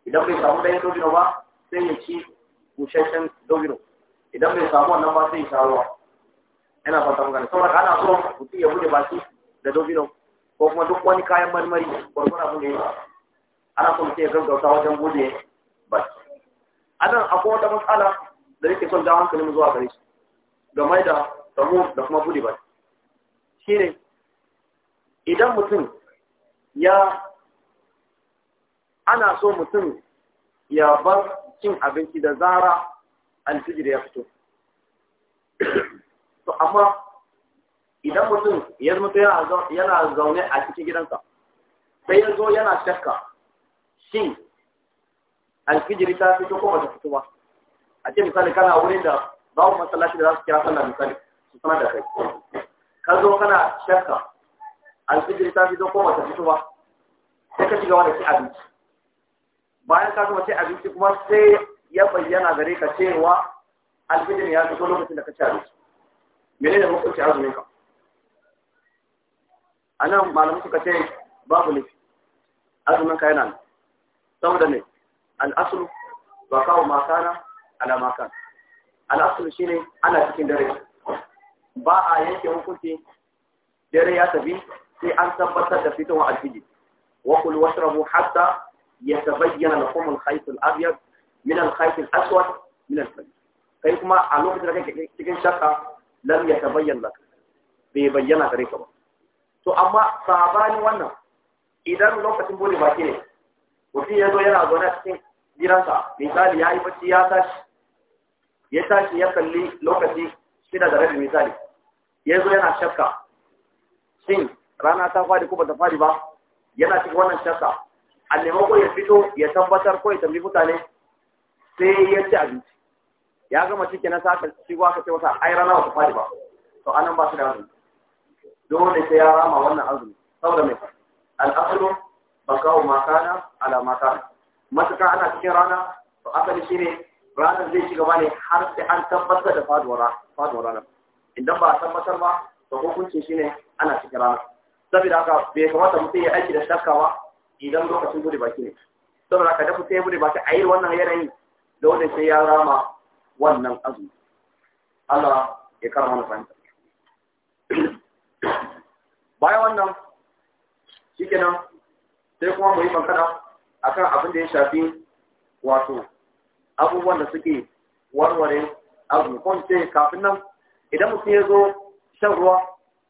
idan bai samu danyen dogino ba sai ya ci busasshen dogino idan bai samu wannan ba sai ya sha ruwa yana fata magana saboda ana so ya bude baki da ko kuma duk wani kayan marmari gwargwara mu ne ana son sai gaggauta wajen gode ba a nan akwai wata matsala da nake son jawo hankalin zuwa gare shi game da samu da kuma bude ba shine idan mutum ya ana so mutum ya bar cin abinci da zara alfijir ya fito to amma idan mutum ya zama yana zaune a cikin gidansa sai ya zo yana shakka shin alfijiri ta fito ko bata fito ba a ce misali kana wurin da babu masallaci da za su kira sallah misali su sanar da kai ka zo kana shakka alfijiri ta fito ko bata fito ba sai ka shiga da ci abinci bayan ka zama ci abinci kuma sai ya bayyana gare ka cewa alfijiri ya fito lokacin da ka ci abinci menene hukunci azumin ka a nan malamu suka ce babu ne azumin ka yana saboda ne al'asul ba kawo makana ala makan al'asul shi ne ana cikin dare ba a yanke hukunci dare ya tafi sai an tabbatar da fitowa alfiji wa kul washrabu hatta yatabayyana lakum al-khayt al-abyad min al-khayt al-aswad min al-fajr kai kuma a lokacin da kake cikin shakka lam ya lak bai bayyana gare ka ba to amma sabani wannan idan lokacin bude baki ne mutum ya zo yana zaune cikin gidansa misali ya yi bacci ya tashi ya tashi ya kalli lokaci shida da rabi misali ya zo yana shakka shin rana ta fadi ko ba ta fadi ba yana cikin wannan shakka a ko ya fito ya tabbatar ko ya tambi mutane sai ya ci abinci ya gama cikin na sa ka ci ka ce wata ai rana ba ta fadi ba to anan ba su da wani dole sai ya rama wannan azumi saboda mai al'asalu bakawo makana ala makana matuka ana cikin rana to asali shine ranar zai ci gaba ne har sai an tabbatar da faduwar rana idan ba a tabbatar ba to hukunci shine ana cikin rana saboda haka bai kamata mutum ya aiki da shakkawa idan lokacin gudu baki ne saboda haka da mutum ya gudu baki a yi wannan yanayi dole sai ya rama wannan azumi Allah ya karama na fahimta bayan wannan nan sai kuma mu yi a kan abin da ya shafi wato abubuwan da suke warware abu ce kafin nan idan mutum ya zo shan ruwa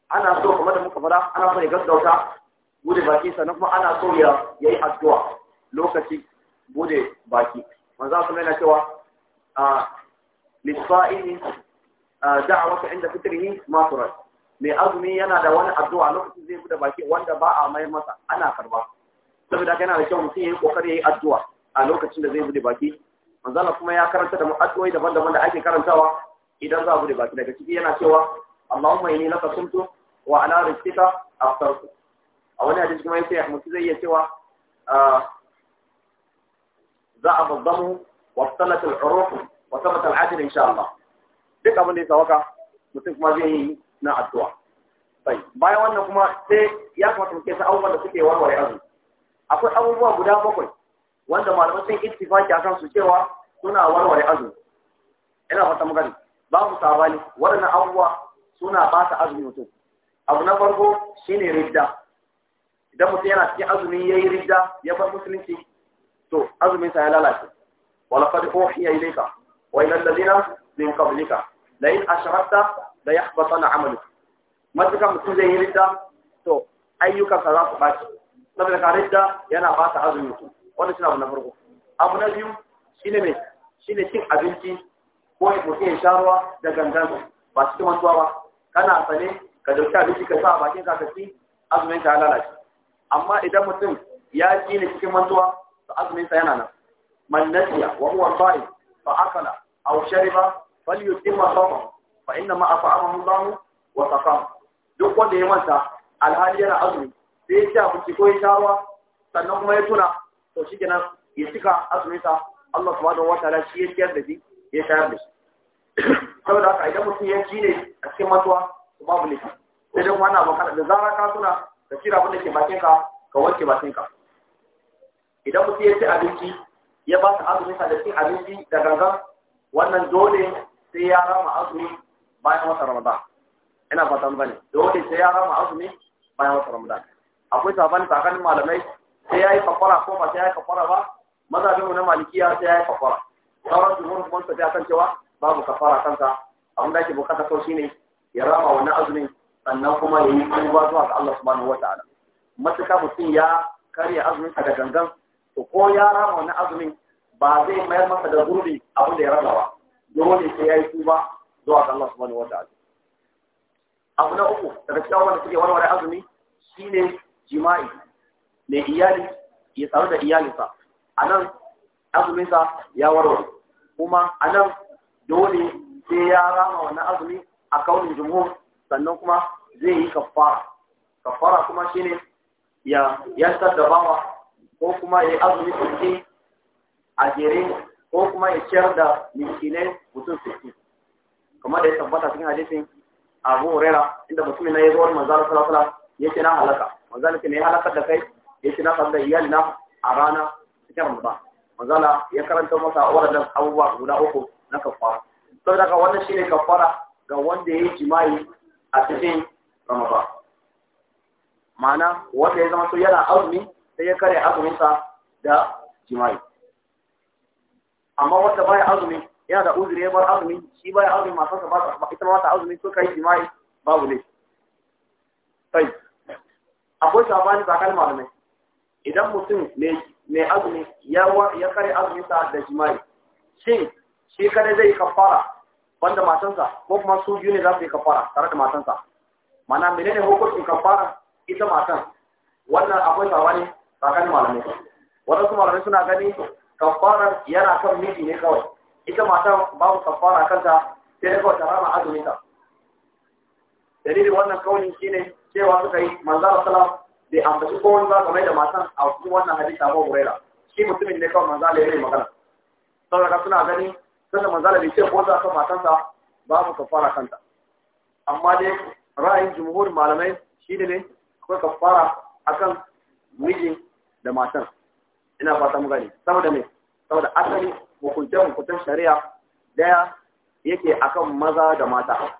ana so kuma da muka fara ana so ya gaggauta bude baki sannan kuma ana so ya yi addu'a lokaci bude baki manzo kuma yana cewa a ah, lisfa'ini ah, da'awatu inda fitrihi ma turai. mai azumi yana da wani addu'a lokacin zai bude baki wanda ba a mai masa ana karba saboda yana da kyau mutum yayi kokari yayi addu'a a lokacin da zai bude baki manzala kuma ya karanta da addu'o'i daban-daban da ake karantawa idan za a bude baki daga ciki yana cewa Allahumma inni laka kuntu wa ala rizqika aftartu a wani hadisi kuma yace mutum zai iya cewa ah, za a babbamu wa salatul uruf wa salatul ajr insha Allah duk abin da ya sawaka mutum kuma zai yi na addu'a bai bayan wannan kuma sai ya kamata mu sa abubuwan da suke warware azumi akwai abubuwa guda bakwai wanda malamai sun ittifaki akan su cewa suna warware azumi ina fata magana mu sabani waɗannan abubuwa suna bata azumi mutum abu na farko shine ridda idan mutum yana cikin azumi yayi ridda ya bar musulunci to azumin sa ya lalace uhiya ilayka wa ila alladhina min qablika Layin in ashrakta la yahbatana amalu Matuka mutum zai yi ridda to ayyukansa za su ɓaci saboda ka yana ba ta azumi mutum suna abu na farko abu na biyu shine mai shine cin abinci ko ya mutum ya sha ruwa da gangan ba cikin mantuwa ba kana sane ka dauki abinci ka sa a bakin ka ka ci azumin ka lalace amma idan mutum ya ci ne cikin mantuwa to azumin sa yana nan man nasiya wa huwa sa'im fa akala aw shariba falyutim sawma fa inna ma af'amahu Allah samu saqam duk wanda ya manta alhali yana azumi sai ya ci abinci ko ya sha ruwa sannan kuma ya tuna to shi kenan ya cika azumin sa Allah subhanahu wataala shi ya ciyar da shi ya shayar da shi saboda haka idan mutum ya ci ne a cikin matuwa babu laifi sai dai kuma ana magana da zarar ka tuna ka cire abin da ke bakin ka ka wanke bakin ka idan mutum ya ci abinci ya ba ta azumin sa da cin abinci da gangan wannan dole sai ya rama azumi bayan wata ramadan ina fatan bane wani sai ya rama azumi bayan wata ramadan akwai sabani tsakanin malamai sai ya yi kafara ko ba sai ya yi kafara ba mazhabinmu na malikiya sai ya yi kafara sauran mun kuma su ta kan cewa babu kafara kanka, abin da ake bukata ko shine ya rama wannan azumin sannan kuma ya yi tuba zuwa ga Allah subhanahu wataala matuka mutum ya karya azumin ka da gangan to ko ya rama wannan azumin ba zai mayar masa da gurbi abin da ya ba. dole sai yayi tuba zuwa ga Allah subhanahu wataala abu na uku daga cikin wanda suke warware azumi shine jima'i mai iyali ya tsaro da iyalinsa a nan azuminsa ya warware kuma a nan dole sai ya rama wannan azumi a kaunin jumhur sannan kuma zai yi kafara kafara kuma shine ya yantar da bawa ko kuma ya yi azumi sosai a jere ko kuma ya ciyar da miskinai mutum sittin kamar da ya tabbata cikin hadisin abu huraira inda mutumin na ya zo wani manzara salasala ya ce na halaka manzara ce ne ya halakar da kai ya ce na da iyali na a rana cikin ramadan manzala ya karanta masa waɗannan abubuwa guda uku na kafara saboda ka wannan shine kafara ga wanda ya yi jima'i a cikin ramadan ma'ana wanda ya zama so yana azumi sai ya kare azuminsa da jima'i amma wanda baya azumi yana da uzuri ya bar azumi shi baya azumi masu sa ba ita ma ta azumi suka yi jima'i babu ne sai akwai sabani ba kalma ne idan mutum mai azumi ya kare azumi sa da jima'i shin shi kada zai kafara banda matansa ko kuma su biyu ne za su yi kafara tare da matansa mana menene hukuncin kafara ita matan wannan akwai sabani tsakanin malamai kuma malamai suna gani kafaran yana kan miji ne kawai ita mata babu kafara kanta sai da kawai tarama azumin ta dalilin wannan shi ne cewa suka yi manzara salam bai ambaci ko wani ba da matan a cikin wannan hadisi Abu Huraira shi mutumin ne kawai manzala ya yi magana saboda suna gani sannan manzala bai ce ko za ka matansa babu kafara kanta amma dai ra'ayin jumhur malamai shi ne akwai kafara akan miji da matan ina fata mu gani saboda me saboda asali hukuncin hukuncen shari'a daya yake akan maza da mata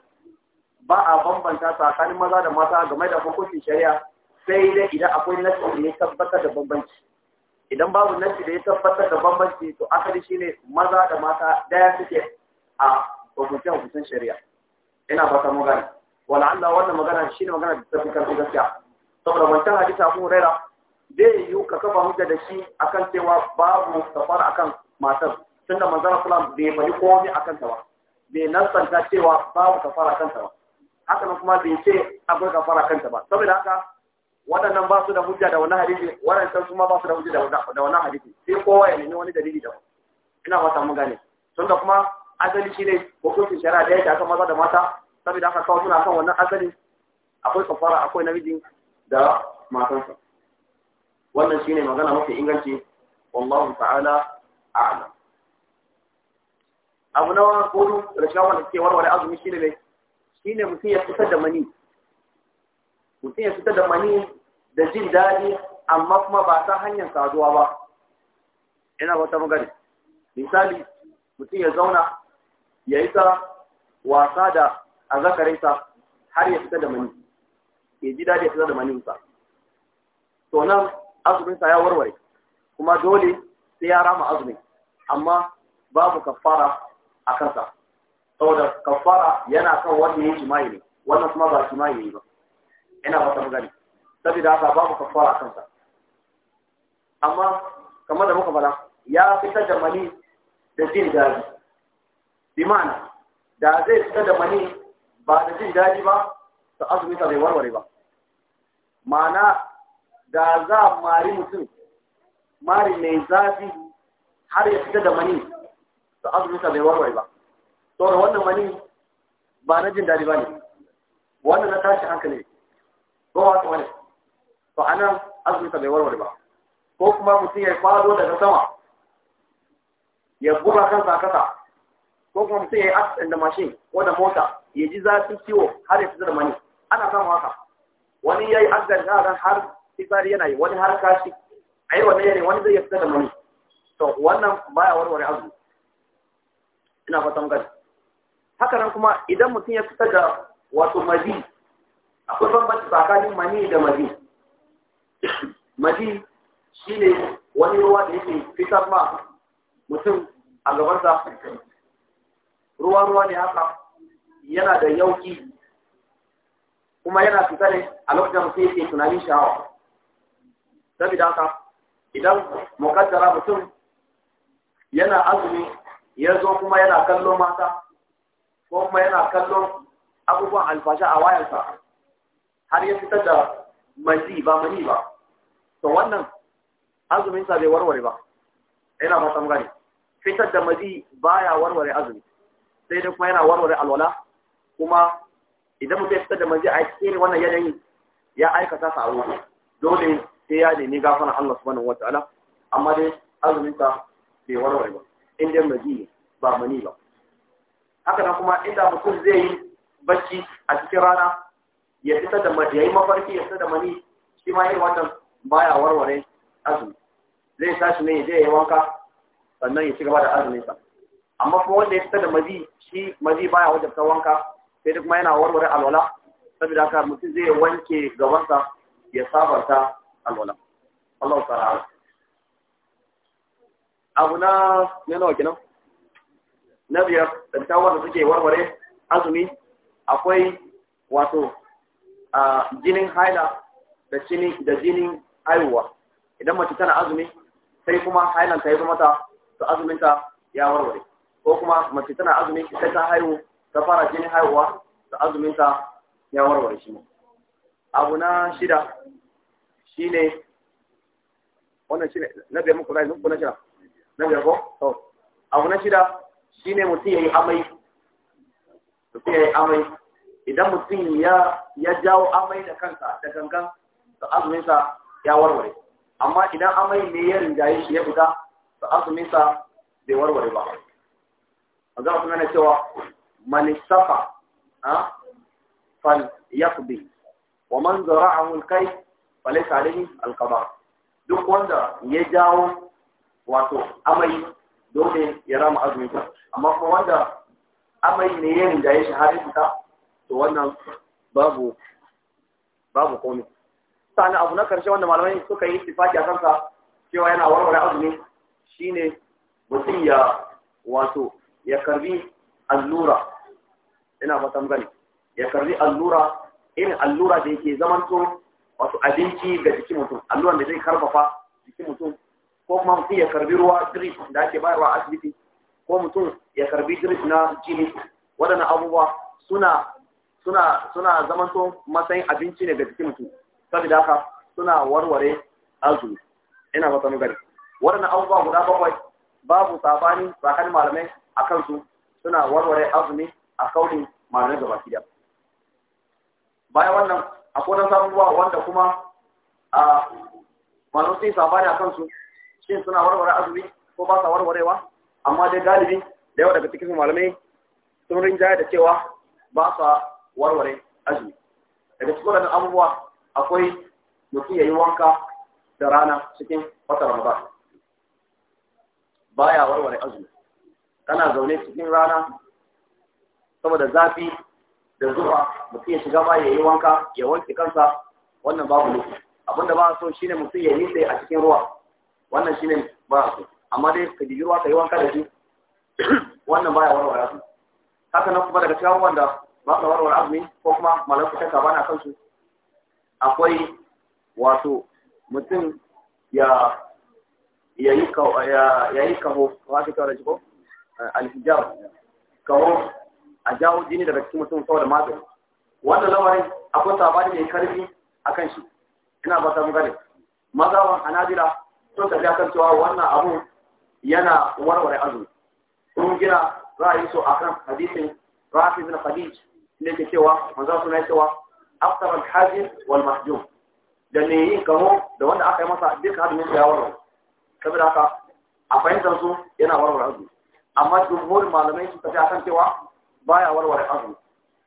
ba a bambanta tsakanin maza da mata game da hukuncin shari'a sai dai idan akwai nasi da ya tabbatar da bambanci idan babu nasi da ya tabbatar da bambanci to asali shine maza da mata daya suke a hukuncen hukuncen shari'a ina fata mu gani wala'alla wannan magana shine magana da tafi karfi gaskiya saboda wancan hadisi Abu raira. zai yiwu ka kafa hujja da shi akan cewa babu safar akan matar tunda mazara sulam bai faɗi komai a ta ba bai nasanta cewa babu safar a ta ba haka nan kuma bai ce akwai safar a ta ba saboda haka waɗannan ba su da hujja da wani hadisi waɗancan su ma ba su da hujja da wani hadisi sai kowa ya nemi wani dalili da ina fata mun gane tun da kuma asali shi ne hukuncin shari'a da yake akan maza da mata saboda haka kawai suna kan wannan asali akwai safara, akwai namiji da matansa wannan shine magana mafi inganci wallahu ta'ala a'lam abu na hudu rashawa da ke warware azumi shine ne shine mutum ya fitar da mani mutum ya fitar da mani da jin daɗi amma kuma ba ta hanyar saduwa ba ina wata magana misali mutum ya zauna ya yi ta wasa da sa har ya fita da mani ya ji daɗi ya fita da maninsa to nan azuminsa ya warware kuma dole sai ya rama azumin amma babu kafara a kansa saboda kafara yana kan wanda ya yi jima'i ne wannan kuma ba jima'i ne ba ina ba san gani saboda haka babu kafara a kansa amma kamar da muka fara ya fitar da mani da jin daji bi da zai fitar da mani ba da jin daji ba ta azumi sa bai warware ba ma'ana da za a mari mutum mari mai zafi har ya fita da mani da azuminsa bai warware ba saboda wannan mani ba na jin daɗi ba ne wannan na tashi hankali ko su wani to a nan azuminsa bai warware ba ko kuma mutum ya fado daga sama ya buga kansa a kasa ko kuma mutum ya yi accident da mashin ko da mota ya ji zafin ciwo har ya fita da mani ana samun haka wani ya yi accident da har fitsari yana yi wani harka shi a yi wani yanayi wani zai fita da mani to wannan baya warware azu. ina fatan gani haka nan kuma idan mutum ya fita da wato mazi akwai bambanci tsakanin mani da mazi mazi ne wani ruwa da yake fitar ma mutum a gabansa ruwa-ruwa ne haka yana da yauki kuma yana fita ne a lokacin mutum yake tunanin sha'awa saboda haka idan mukaddara mutum yana azumi ya zo kuma yana kallo mata ko kuma yana kallo abubuwan alfasha a wayarsa har ya fitar da mazi ba mani ba to wannan azuminsa bai warware ba yana ba san gani fitar da mazi baya warware azumi sai dai kuma yana warware alwala kuma idan mutum ya fitar da mazi a cikin wannan yanayin ya aikata sa a dole sai ya nemi gafara Allah subhanahu Ta'ala, amma dai azuminta bai warware ba in dai maji ba mani ba haka nan kuma inda mutum zai yi bacci a cikin rana ya fita da maji yi mafarki ya fita da mani shi ma yin wannan baya warware azumi zai tashi ne ya wanka sannan ya ci gaba da azumin amma kuma wanda ya fita da mazi shi mazi baya wajabta wanka sai duk ma yana warware alwala saboda haka mutum zai wanke gabansa ya sabarta alwala Allah ta'ala abu na ne nawa kenan na biyar dattawa da suke warware azumi akwai wato a jinin haila da jinin da jinin aiwa idan mace tana azumi sai kuma hailan ta yi mata to azumin ta ya warware ko kuma mace tana azumi sai ta haihu ta fara jinin haihuwa to azumin ta ya warware shi abu na shida shine wannan shine na biyar muku zai muku na shida na biyar ko to abu na shida shine mutum yayi amai mutum yayi amai idan mutum ya ya jawo amai da kansa da gangan to azumin sa ya warware amma idan amai ne ya rinjaye shi ya fita to azumin sa bai warware ba a ga kuma na cewa manisafa ha ah, fal yaqbi wa man zara'ahu al-kayf falaisa alaihi alqada duk wanda ya jawo wato amai dole ya rama azumi ta, amma kuma wanda amai ne ya da ya shahara ta to wannan babu babu komai sannan abu na karshe wanda malamai suka yi istifaki a kansa cewa yana warware azumi shine mutum ya wato ya karbi allura ina fatan gani ya karbi allura irin allura da yake zamanto wato abinci ga jiki mutum alluran da zai karfafa jiki mutum ko kuma mutum ya karbi ruwa drip da ake bayarwa a asibiti ko mutum ya karbi drip na jini waɗannan abubuwa suna suna suna zamanto matsayin abinci ne ga jiki mutum saboda haka suna warware azumi ina ba gari waɗannan abubuwa guda bakwai babu sabani tsakanin malamai a kansu suna warware azumi a kaunin malamai gaba ki bayan wannan akwai wasu abubuwa wanda kuma a malam sabani akan su shin suna warware azumi ko ba sa warwarewa amma dai galibi da yawa daga cikin malamai sun rinjaya da cewa ba sa warware azumi daga cikin wadannan abubuwa akwai mutum ya yi wanka da rana cikin wata ramadan baya warware azumi kana zaune cikin rana saboda zafi da zuwa mutum ya shiga ma ya yi wanka ya wanke kansa wannan babu ne abinda ba so shine mutum ya nitse a cikin ruwa wannan shine ba so amma dai ka dibi ruwa ka yi wanka da shi wannan baya warware su haka nan kuma daga cikin wanda ba su warware azumi ko kuma malar ku taka bana kansu akwai wato mutum ya ya yi kaho wasu kawai ko alhijar kaho a jawo jini daga cikin mutum saboda magani wannan lamarin akwai sabani mai karfi akan shi ina ba ta mun mazawan mazaban hanabila sun tafi akan cewa wannan abu yana warware azumi sun gina ra'ayin a akan hadisin rafi bin khadij ne ke cewa manzo suna cewa aftar al wal mahjum da ne yin kamo da wanda aka yi masa duka azumin ya warware saboda haka a fahimtar su yana warware azumi amma jumhur malamai sun tafi akan cewa baya warware azumi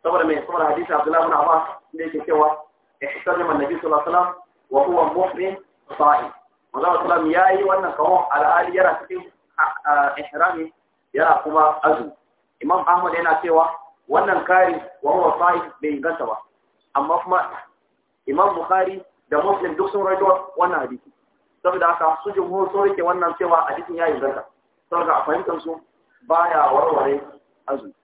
saboda mai saboda hadisi Abdullahi ibn Abbas da yake cewa ihtarama annabi sallallahu alaihi wasallam wa huwa muhrim sa'i manzo sallam yayi wannan kawo al'ali yana cikin ihrami yana kuma azumi Imam Ahmad yana cewa wannan kari wa huwa sa'i bai ganta ba amma kuma Imam Bukhari da Muslim duk sun rawaito wannan hadisi saboda haka su jumhur sun rike wannan cewa hadisin ya inganta saboda a fahimtar su baya warware azu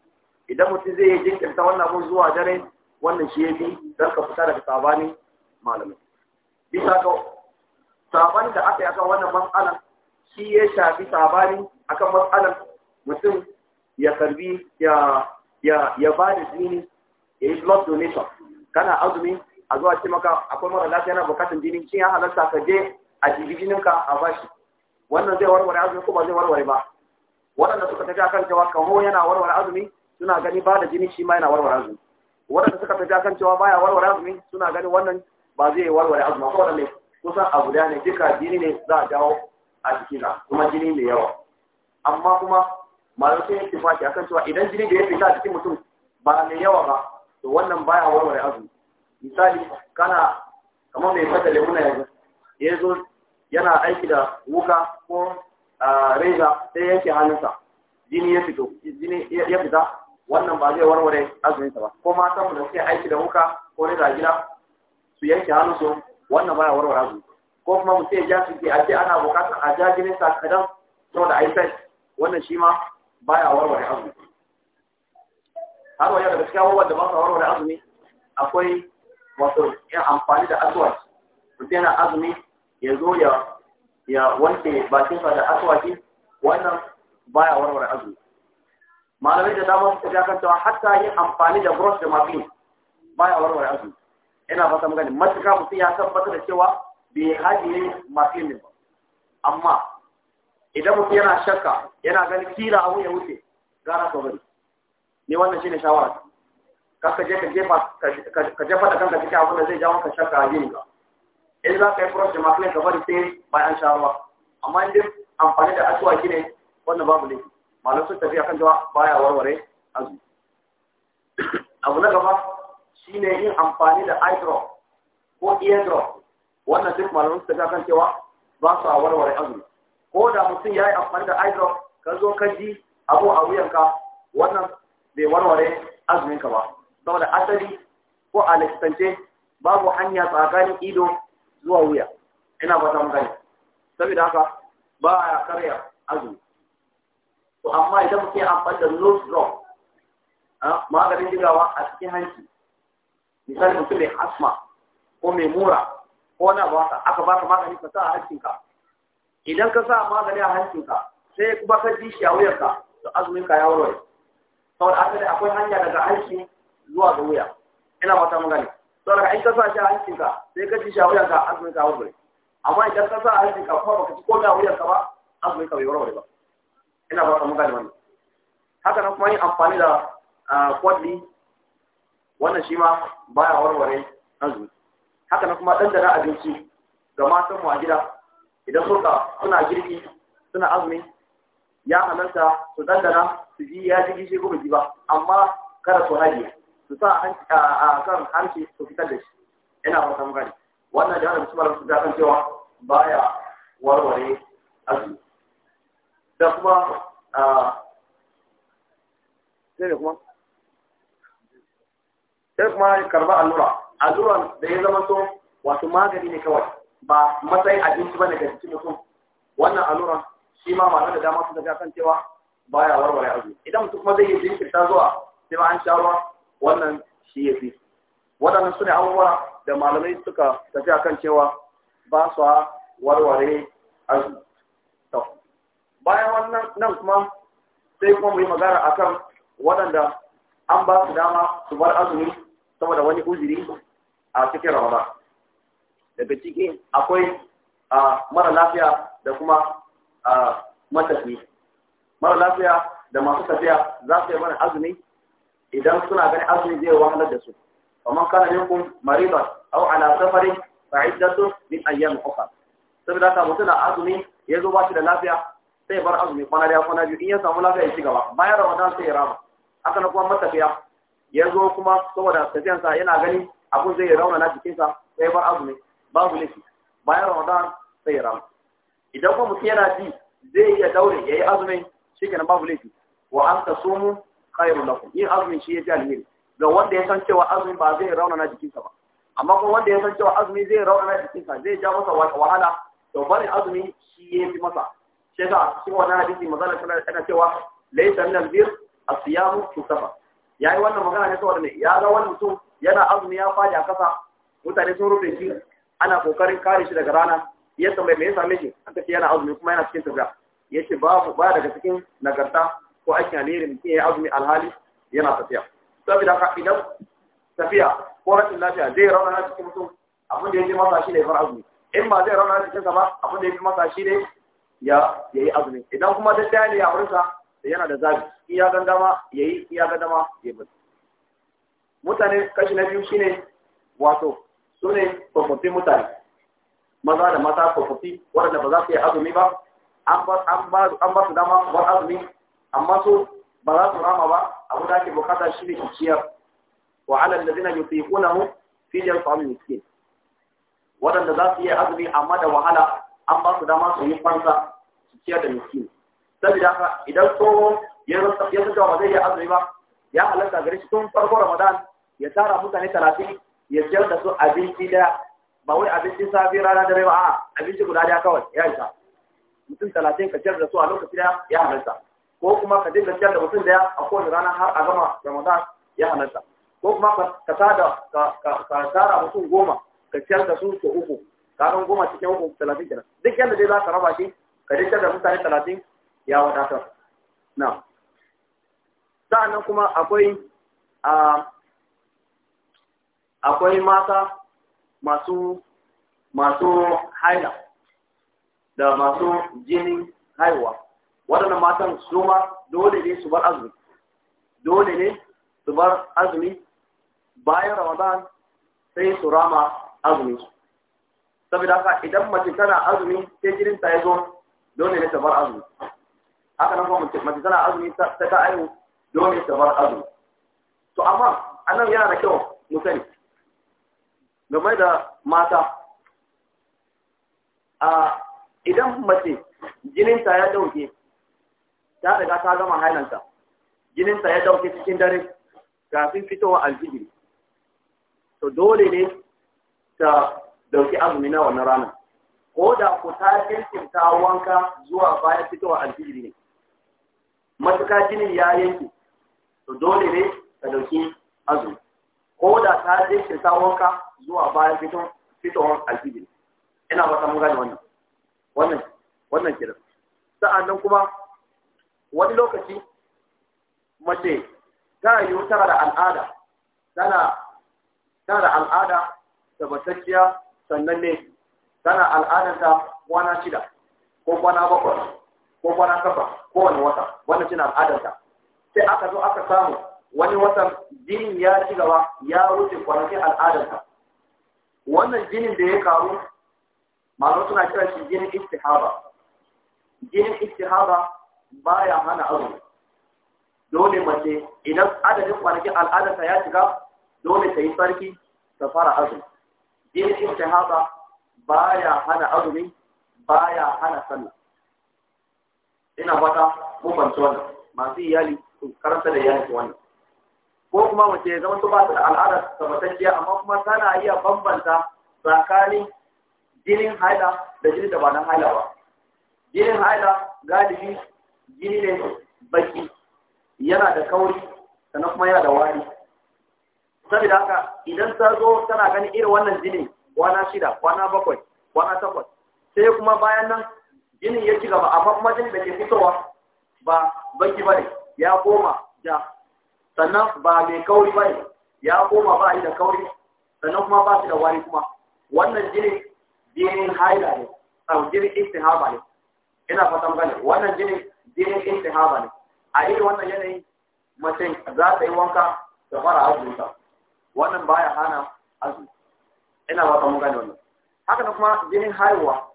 idan mutum zai yi jinkirta wannan abun zuwa dare wannan shi ya fi don ka fita daga sabanin malamai bisa ga sabanin da aka yi akan wannan matsala shi ya shafi sabanin akan matsala mutum ya karbi ya ya ya ba da jini ya yi blood donation kana azumi a zuwa ce maka akwai mara lafiya na bukatun jini shi ya halarta ka je a jibi jininka a bashi wannan zai warware azumi ko ba zai warware ba waɗanda suka tafi akan cewa kamo yana warware azumi suna gani ba da jini shi ma yana warware azumi waɗanda suka tafi kan cewa baya warware azumi suna gani wannan ba zai warware azumi ko wannan kusan abu da ne duka jini ne za a jawo a jikina kuma jini mai yawa amma kuma malamai sun yi tifaki akan cewa idan jini da ya fita a jikin mutum ba mai yawa ba to wannan baya warware azumi misali kana kamar mai fata lemuna yanzu ya zo yana aiki da wuka ko ah, reza sai yanke hannunsa jini ya fito jini ya fita wannan ba zai warware azuminsa ba ko ma mu da suke aiki da wuka ko ne da gida su yanke hannu su wannan baya warware azumi ko kuma mu sai ya su ke ce ana bukatar a ja jinin sa kadan saboda ai sai wannan shi ma baya warware azumi har wa daga cikin abubuwan da ba sa warware azumi akwai wato yin amfani da aswaki mutum yana azumi ya zo ya wanke bakinsa da aswaki wannan baya warware azumi malamai da dama suka ja kan cewa hatta yin amfani da brush da mafi ba ya warware azumi ina fata magani matuka mutum ya tabbata da cewa bai mafi ne ba amma idan mutum yana shakka yana ganin kila abu ya wuce gara ka bari ni wannan shine shawara ka ka je ka jefa ka jefa da kanka cikin abin da zai jawo ka shakka a jini ba in za ka yi brush da ne ka bari sai bayan shawara amma in amfani da asuwa ne wannan babu laifi malam sun tafi akan cewa baya warware azumi abu na gaba shine yin amfani da eye ko ear wannan duk malam sun tafi akan cewa ba su a warware azumi ko da mutum ya yi amfani da eye drop ka zo ka ji abu a wuyanka wannan bai warware azuminka ba saboda asali ko a likitance babu hanya tsakanin ido zuwa wuya ina ba ta gani saboda haka ba a karya azumi to amma idan muke amfani da nose drop maganin digawa a cikin hanci misali mutum mai asma ko mai mura ko na ba ka aka baka magani ka sa a hancinka idan ka sa magani a hancinka sai kuma ka ji shi a wuyarka to azumin ka ya warware saboda asali akwai hanya daga hanci zuwa ga wuya ina fata mun saboda in ka sa shi a hancinka sai ka ji shi a wuyarka azumin ka warware amma idan ka sa a hancinka kuma baka ci komai a wuyarka ba azumin ka bai warware ba ina ba wani haka nan kuma yin amfani da kwadli wannan shi ma baya warware azumi haka nan kuma dandana abinci ga matan mu a gida idan suka suna girki suna azumi ya halarta su dandana su ji ya ji gishi ko ji ba amma kada su hajiya su sa a kan harshe su fitar da shi ina ba muka wannan jihar da su kan cewa baya warware azumi da kuma a ne kuma sai kuma karba allura allura da ya zama so wato magani ne kawai ba matsayin abinci ne ga jikin mutum wannan allura shi ma ma da dama su daga kan cewa ya warware abu idan mutum kuma zai yi ta zuwa sai ma an sha ruwa wannan shi ya fi waɗannan su ne abubuwa da malamai suka tafi akan cewa ba su warware azumi bayan wannan nan kuma sai kuma mu yi magana akan waɗanda an ba su dama su bar azumi saboda wani uzuri a cikin ramadan daga ciki akwai mara lafiya da kuma matafi mara lafiya da masu tafiya za su yi mana azumi idan suna ganin azumi zai wahalar da su kana كان kun mariba au ala safari fa'iddatu min ايام ukhra saboda ka mutuna azumi yazo ba shi da lafiya sai bar azumi kwana daya kwana biyu in ya samu lafiya ya ci gaba bayan ramadan sai ya rama haka na kuma matafiya ya zo kuma saboda tafiyansa yana gani abun zai rauna na jikinsa sai bar azumi babu laifi bayan ramadan sai ya rama idan kuma mutum yana ji zai iya daure ya yi azumin shi kenan babu laifi wa an ta somu khairu lakum yin azumin shi ya fi alheri ga wanda ya san cewa azumi ba zai rauna na jikinsa ba amma kuma wanda ya san cewa azumi zai rauna na jikinsa zai ja masa wahala to bari azumi shi ya fi masa shega a cikin wannan hadisi magana tana tana cewa laysa min albir asiyamu tusafa yayi wannan magana ne saboda ya ga wani mutum yana azumi ya faɗi a kasa mutane sun rufe shi ana kokarin kare shi daga rana ya tambaye me ya same shi an tafi yana azumi kuma yana cikin tafiya yace babu ba daga cikin nagarta ko aikin alheri mutum ya azumi alhali yana tafiya saboda haka idan tafiya ko rashin lafiya zai na cikin mutum abin da ya ji masa shi ne fara azumi in ba zai raunana cikin sa ba abin da ya ji masa shi ne ya yayi azumi idan kuma daddaya ne ya aurisa da yana da zabi in ya gan dama yayi in ya gan dama ya bar mutane kashi na biyu shine wato sune kwamfutin mutane maza da mata tsofaffi waɗanda ba za su yi azumi ba an ba su dama su bar azumi amma su ba za su rama ba abu da ake bukata shi ne ciyar wa alal ladina yutiqunahu fi al miskin wadanda za su yi azumi amma da wahala an ba su dama su yi fansa su ciyar da miskini saboda haka idan tsoho ya zuka ba zai yi azumi ba ya halatta gari shi tun farko ramadan ya tara mutane talatin ya ciyar da su abinci daya ba wai abincin safi rana dare ba a abinci guda daya kawai ya isa mutum talatin ka ciyar da su a lokaci daya ya halatta ko kuma ka dinga ciyar da mutum daya a kowace rana har a gama ramadan ya halatta ko kuma ka ka tara mutum goma ka ciyar da su ko uku karon goma cikin uku talatin kenan duk yadda dai za ka raba shi ka dinka da mutane talatin ya wadatar na sa'annan kuma akwai a akwai mata masu masu haila da masu jinin haihuwa waɗannan matan su ma dole ne su bar azumi dole ne su bar azumi bayan ramadan sai su rama su saboda haka idan mace tana azumi sai jinin ta yazo dole ne ta bar azumi haka nan kuma mace tana azumi ta ta ayu dole ta bar azumi to amma anan yana da kyau mu sani game da mata a idan mace jinin ta ya dauke ta daga ta gama hailanta ta ya dauke cikin dare kafin fitowa aljibi to dole ne ta dauki azumi na wannan ranar ko da ku ta kirkinta wanka zuwa bayan fitowa alfijiri ne matuka jinin ya yanke to dole ne ka dauki azumi ko da ta kirkinta wanka zuwa bayan fitowa fitowar alfijiri ina ba ta mun gane wannan wannan wannan kiran sa'annan kuma wani lokaci mace ta yi tana da al'ada tana tana da al'ada tabbatacciya sannan ne tana al'adarta kwana shida ko kwana bakwai ko kwana kafa wani wata wannan shi al'adarta sai aka zo aka samu wani watan jinin ya ci gaba ya wuce kwanakin al'adarta wannan jinin da ya karu malu suna kiran shi jinin istihaba jinin istihaba baya hana azumi dole mace idan adadin kwanakin al'adarta ya shiga dole ta yi sarki ta fara azumi yin istihaba baya hana azumi baya hana sallah ina fata mun banci wannan masu iyali su karanta da iyali wannan ko kuma mace ya zama ba da al'ada tabbatacciya amma kuma tana iya bambanta tsakanin jinin haila da jinin da ba na haila ba jinin haila galibi jini ne baki yana da kauri sannan kuma yana da wari saboda haka idan ta zo tana gani irin wannan jini kwana shida kwana bakwai kwana takwas sai kuma bayan nan jinin ya ci gaba Amma kuma farmajin da ke fitowa ba baki ba ne ya koma ja sannan ba mai kauri ba ne ya koma ba yi da kauri sannan kuma ba shi da wari kuma wannan jinin jinin haila ne a jinin haba ne ina fatan gane wannan jinin jinin haba ne a irin wannan yanayin mace za ta yi wanka da fara azuta wannan baya hana azumi ina ba ta mun wannan haka na kuma jinin haihuwa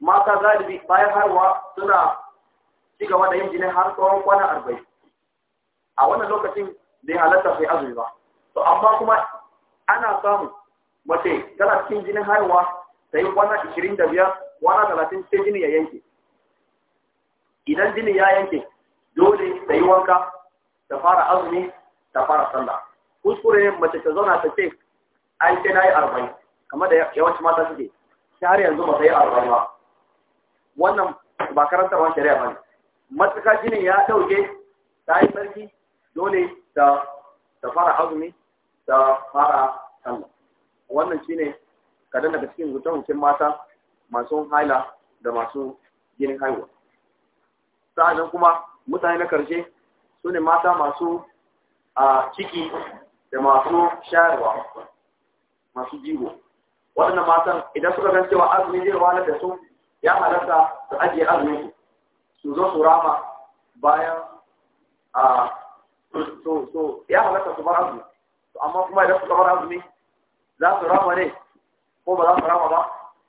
mata galibi bayan haihuwa suna ci gaba da yin jinin har tsawon kwana arba'in a wannan lokacin bai halatta sai azumi ba to amma kuma ana samu mace tana cikin jinin haihuwa ta yi kwana ishirin da biyar kwana talatin sai jini ya yanke idan jini ya yanke dole ta yi wanka ta fara azumi ta fara sallah kuskure mace ta zauna ta ce ai sai na yi arba'in kamar da yawanci mata suke sai har yanzu ba ta yi arba'in ba wannan ba karantarwa shari'a ba ne matuka jinin ya ɗauke ta yi sarki dole ta fara azumi ta fara sallah wannan shine kadan daga cikin hutun mata masu haila da masu jinin haihuwa sa'annan kuma mutane na karshe su ne mata masu a ciki da masu shayarwa masu jiwo waɗannan matan idan suka gan cewa azumi zai na da su ya halarta su ajiye azumin su zo su rama bayan a so so ya halarta su bar azumi amma kuma idan suka bar azumi za su rama ne ko ba za su rama ba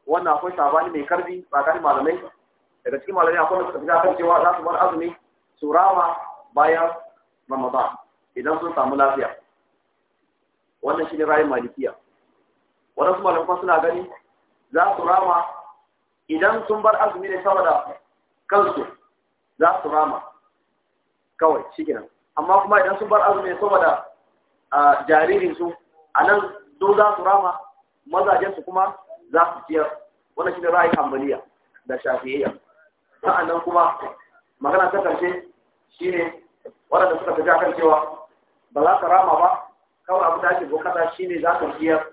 wannan akwai sabani mai karfi tsakanin malamai daga cikin malamai akwai da suka fi kan cewa za su bar azumi su rama bayan ramadan idan sun samu lafiya wannan ne ra'ayin malikiya waɗansu malaman suna gani za su rama idan sun bar azumi ne saboda kansu za su rama kawai gina amma kuma idan sun bar azumi ne saboda jaririnsu, a nan su za su rama mazajensu kuma za su ciyar wannan ne ra'ayin hambaliya da shafi'iyya sa'annan kuma magana ta karshe ne waɗanda suka tafi kan cewa ba za ka rama ba kawai abu da ake bukata ne za ka biyar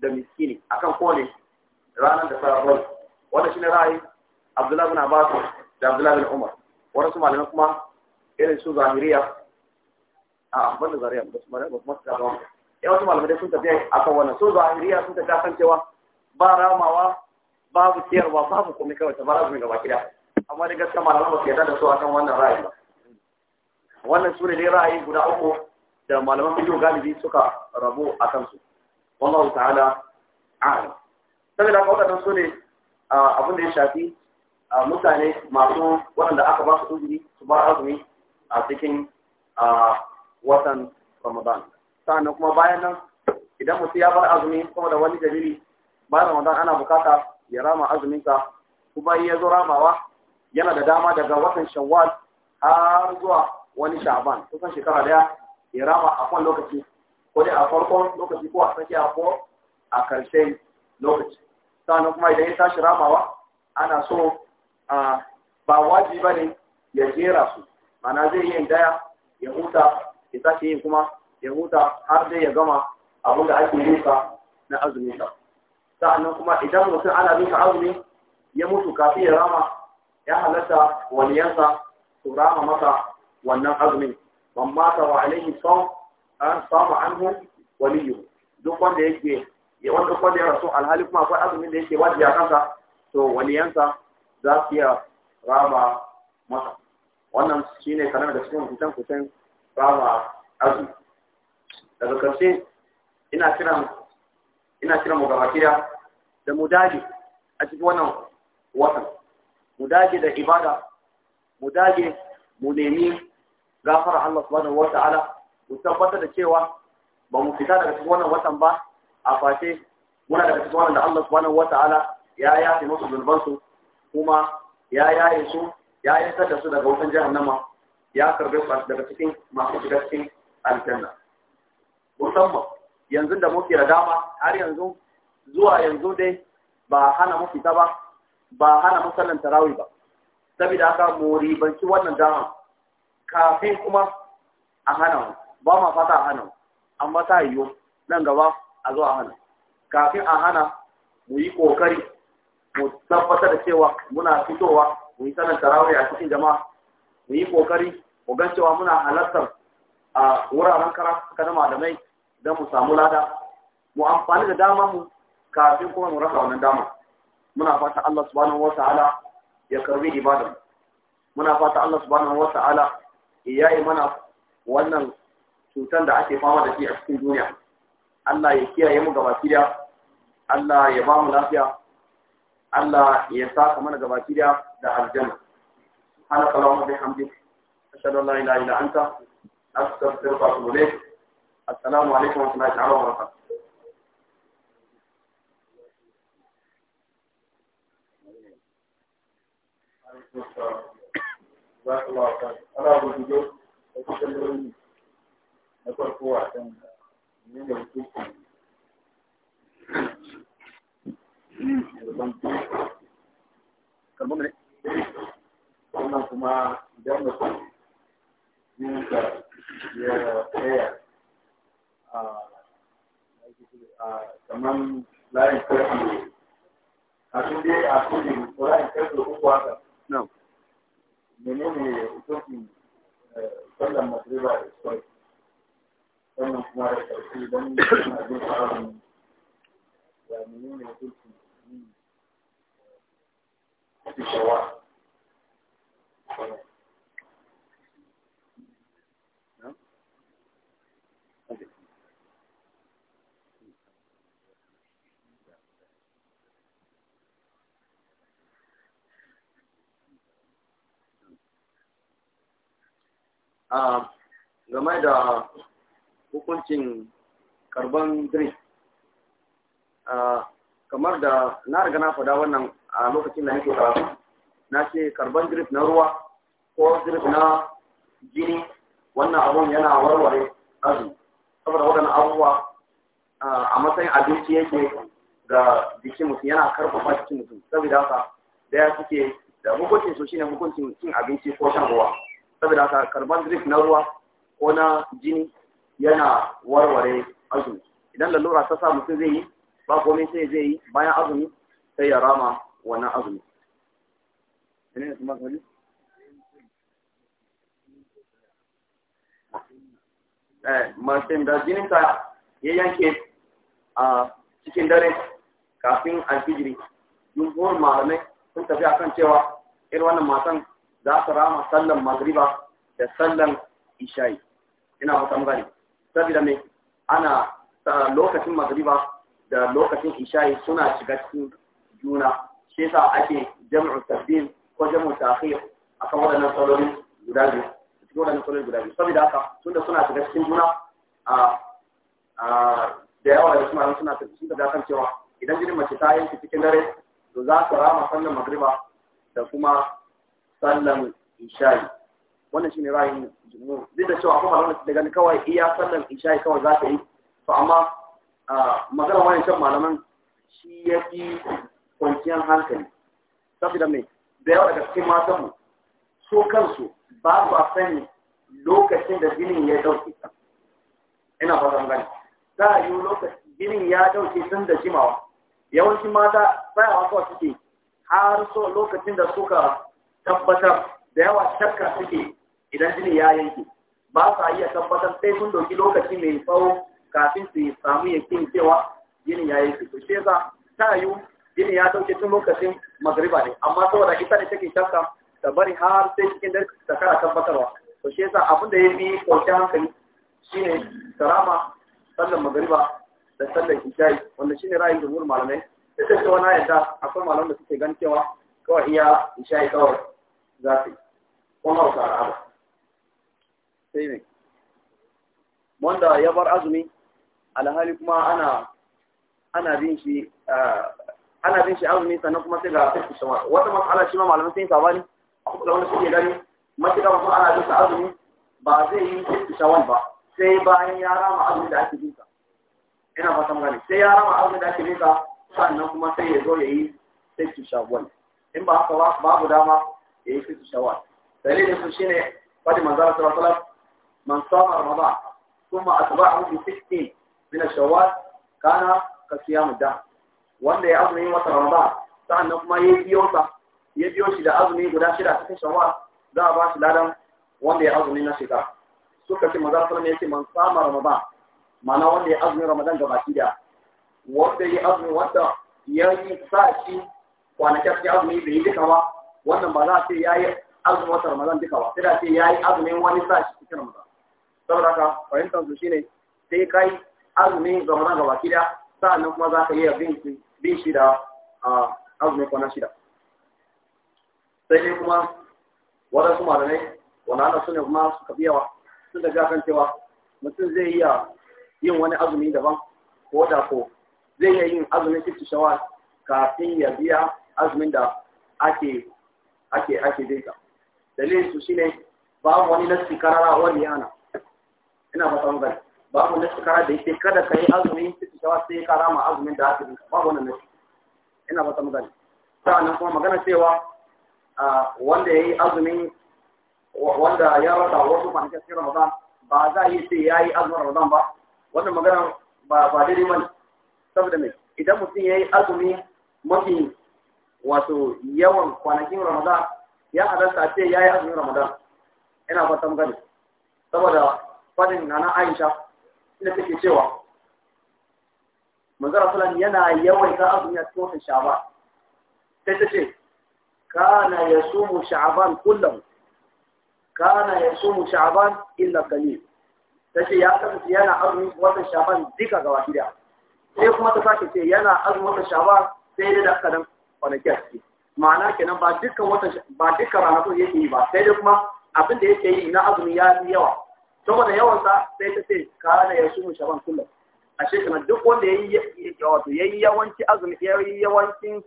da miskini akan kone ranar da fara sararwar wanda ne ra'ayi abdullahi bin Abasu da abdullahi bin umar wani su malamai kuma irin su zahiriya a banda zariya ba su masu gaba ya eh, wasu malamai sun tafi a kan wannan su zahiriya sun tafi a kan cewa ba ramawa babu ciyarwa babu komai kawai ta bara zuwa gaba kiɗa. amma da gaskiya malamai ba su yarda da su a kan wannan ra'ayi ba wannan su ne dai ra'ayi guda uku da malaman fito galibi suka rabu a kansu wallahu ta'ala a'lam saboda haka su ne abin da ya shafi mutane masu waɗanda aka ba su uzuri su ba azumi a cikin watan Ramadan sannan kuma bayan nan idan mutum ya bar azumi kuma da wani dalili bayan Ramadan ana bukata ya rama azuminsa kuma ya zo ramawa yana da dama daga watan Shawwal har zuwa wani Sha'aban kusan shekara daya ya rama a kwan lokaci ko dai a farkon lokaci ko a tsakiya ko a karshe lokaci sannan kuma idan ya tashi ramawa ana so a ba waji ba ne ya jera su mana zai yin daya ya huta ya sake yin kuma ya huta har dai ya gama abin da ake nufa na azumi sa sa'annan kuma idan mutum ana nufa azumi ya mutu kafin ya rama ya halatta waliyansa su rama maka wannan azumin man mata wa alaihi sam an samu anhu waliyu duk wanda yake ya wanda kwanda ya rasu alhali kuma akwai azumin da yake wajibi a kansa to waliyansa za su iya rama masa wannan shine kanar da cikin kusan kusan rama azumi daga karshe ina kiran ina kiran da mu dage a cikin wannan watan mu dage da ibada mu dage mu nemi gafara Allah subhanahu wata'ala mu tabbatar da cewa ba mu fita daga cikin wannan watan ba a face muna daga cikin wannan da Allah subhanahu wata'ala ya fi musu zulbansu kuma ya yi su ya yantar da su daga wutan jahannama ya karbe su daga cikin masu shiga cikin aljanna musamman yanzu da muke da dama har yanzu zuwa yanzu dai ba hana mu fita ba ba hana mu sallan tarawih ba saboda haka mu ribanci wannan dama kafin kuma a hana ba ma fata a hana amma ta yiwu nan gaba a zo a hana kafin a hana mu yi kokari mu tabbatar da cewa muna fitowa mu yi sanar tarawai a cikin jama'a mu yi kokari mu gan cewa muna halartar a wuraren karatuka na malamai don mu samu lada mu amfani da dama mu kafin kuma mu rasa wannan dama muna fata Allah subhanahu Ta'ala ya karbi ibadar, muna fata Allah subhanahu Ta'ala. Eh, ya yi mana wannan cutar da ake fama da shi a cikin duniya Allah ya kiyaye mu gaba da Allah ya ba mu lafiya Allah ya saka mana gaba da da aljanna subhanaka allahumma bihamdik ashhadu an la ilaha illa anta astaghfiruka wa atubu ilayk assalamu alaikum wa rahmatullahi wa barakatuh Thank you. za su ba ka na farko a kan da kuma idan mutum da ya layin a sun dai a menene hukuncin eh, sallan masriba a iskwai sannan kuma da ƙarfi don abin tsarin ya menene hukuncin yin hmm. shawa game da hukuncin karban drink kamar da na riga na faɗa wannan a lokacin da nake karatu na ce karban drip na ruwa ko drip na jini wannan abun yana warware azu saboda waɗannan abubuwa a matsayin abinci yake ga jikin mutum yana karfafa jikin mutum saboda haka daya suke da hukuncin su shine hukuncin cin abinci ko shan ruwa saboda haka karban drink na ruwa ko na jini yana warware azumi idan lalura ta sa mutum zai yi ba komai sai zai yi bayan azumi sai ya rama wannan azumi Masin eh, da jininta ya yanke a cikin dare kafin alfijiri, yin malamai sun tafi akan cewa irin wannan matan za su rama sallan magriba da sallan isha'i ina ba tambari saboda me ana lokacin magriba da lokacin isha'i suna shiga cikin juna shi yasa ake jam'u tasbih ko jam'u ta'khir akan wadannan sallolin guda biyu cikin wadannan sallolin guda biyu saboda haka tunda suna shiga cikin juna a da yawa da suna suna suna da kan cewa idan jirin mace ta yanki cikin dare to za su rama sallan magriba da kuma sallan isha'i wannan shine ra'ayin jumhur duk da cewa akwai malaman da kawai iya sallan isha'i kawai za ta yi to amma magana wani shan malaman shi ya fi kwanciyar hankali saboda mai da yawa daga cikin matan mu so kansu ba su a sani lokacin da ginin ya dauke ta ina zan gani za a yi lokacin ginin ya dauke tun da jimawa yawancin mata tsayawa kawai suke har so lokacin da suka tabbatar da yawa shakka suke idan jini ya yanke ba sa iya tabbatar sai sun doki lokaci mai tsawo kafin su samu yakin cewa jini ya yanke to shi ta yiwu jini ya dauke tun lokacin magriba ne amma saboda ita ne take shakka ta bari har sai cikin da ta kara tabbatarwa to shi abin da ya fi kwanciyar hankali shine karama sallar magriba da sallar isha'i wanda shine ra'ayin jumhur malamai duk ta cewa na yadda akwai malaman da suke gan cewa kawai iya isha'i kawai za ta yi ko hausa ra'aba sai ne wanda ya bar azumi alhali kuma ana ana bin shi ana bin shi azumi sannan kuma sai ga sai shi wata mas'ala shi ma malamin sai sabani akwai da wani suke gani matuƙa kuma ana bin sa azumi ba zai yi sai shawar ba sai bayan ya rama azumi da ake bin sa ina fatan gani sai ya rama azumi da ake bin sa sannan kuma sai ya zo ya yi sai shawal in ba haka ba, babu dama ya yi su shawar dalilin su shine fadi manzara sallallahu alaihi wasallam man sama ramadan kuma atba'ahu bi 16 min ash-shawwal kana ka siyam da wanda ya azumi wata ramadan sa'annan kuma ya biyo sa ya biyo shi da azumi guda shida cikin shawwal za a ba shi ladan wanda ya azumi na shekara suka ce manzara sallallahu alaihi wasallam ce man sama ramadan mana wanda ya azumi ramadan gabaki da wanda ya azumi wanda ya yi sa shi kwanakin azumi bai yi duka ba wannan ba za a ce ya yi azumin wata ramadan duka ba sai da ce ya yi azumin wani sa shi cikin ramadan saboda haka fahimtar su shine sai kai azumin ramadan gaba ki da sa'annan kuma za ka yi bin bin shi da azumin kwana shida sai dai kuma waɗansu malamai wani ana sune kuma suka biya wa sun da kan cewa mutum zai iya yin wani azumi daban ko da ko zai iya yin azumin fifty shawar kafin ya biya azumin da ake ake ake bin ka dalilin su shine mu wani nasi karara wani yana ina ba san gani mu nasi karara da yake kada ka yi azumi sai ka sai karama azumin da aka ba babu wannan nasi ina ba san gani sa'annan kuma magana cewa wanda yayi azumin wanda ya rasa wasu kwanakin cikin Ramadan ba za a yi sai ya yi azumin Ramadan ba wannan magana ba ba daidai bane saboda mai idan mutum ya yi azumi mafi wato yawan kwanakin ramadan ya halatta ce ya yi azumin ramadan ina fatan gani saboda fadin na na aisha inda take cewa manzara sulan yana yawaita azumi a cikin sha'ban sai ta ce kana ya sumu sha'ban kullum kana ya sumu sha'ban illa kalil ta ce ya kasance yana azumin watan sha'ban duka gaba gida sai kuma ta sake ce yana azumin watan sha'ban sai dai da kadan kwanaki a ciki ma'ana kenan ba dukkan watan ba dukkan ranakun yake yi ba sai dai kuma abin da yake yi na azumi ya yi yawa saboda yawansa sai ta ce kana ya sumu shaban kullum a shekara duk wanda ya yi wato ya yi yawanci azumi ya yi yawancin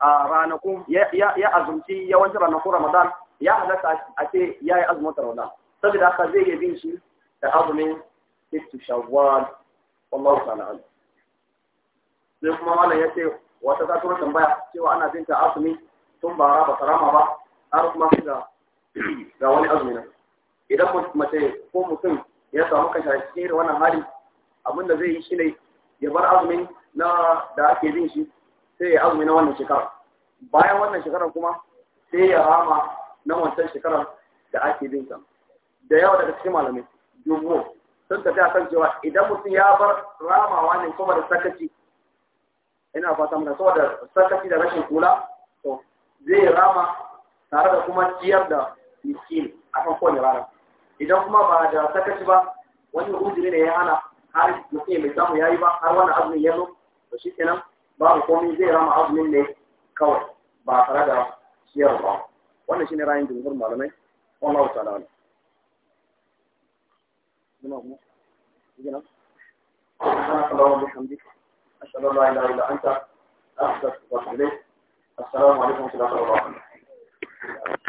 ranakun ya azumci yawancin ranakun ramadan ya halatta a ce ya yi azumin ramadan saboda haka zai yi bin shi da azumin sittu shawwal wallahu ta'ala sai kuma malam ya ce wata ta ta tambaya cewa ana jin ta azumi tun bara ba karama ba har kuma su ga ga wani azumi nan idan mace ko mutum ya samu kansa cikin wannan hali abin da zai yi shine ya bar azumin na da ake jin shi sai ya azumi na wannan shekara bayan wannan shekarar kuma sai ya rama na wancan shekarar da ake bin sa da yawa daga cikin malamai dubu sun tafi akan cewa idan mutum ya bar ramawa ne kuma da sakaci ina fata mana saboda sarkaci da rashin kula to zai rama tare da kuma ciyar da miskin a kan kowane rana idan kuma ba da sarkaci ba wani uzuri ne ya hana har mutum mai samu ya yi ba har wannan azumin ya zo to shi kenan babu komai zai rama azumin ne kawai ba tare da ciyar ba wannan shine ra'ayin jumhur malamai wallahu ta'ala kuma, أشهد أن لا إله إلا أنت أحسن الله إليك السلام عليكم ورحمة الله وبركاته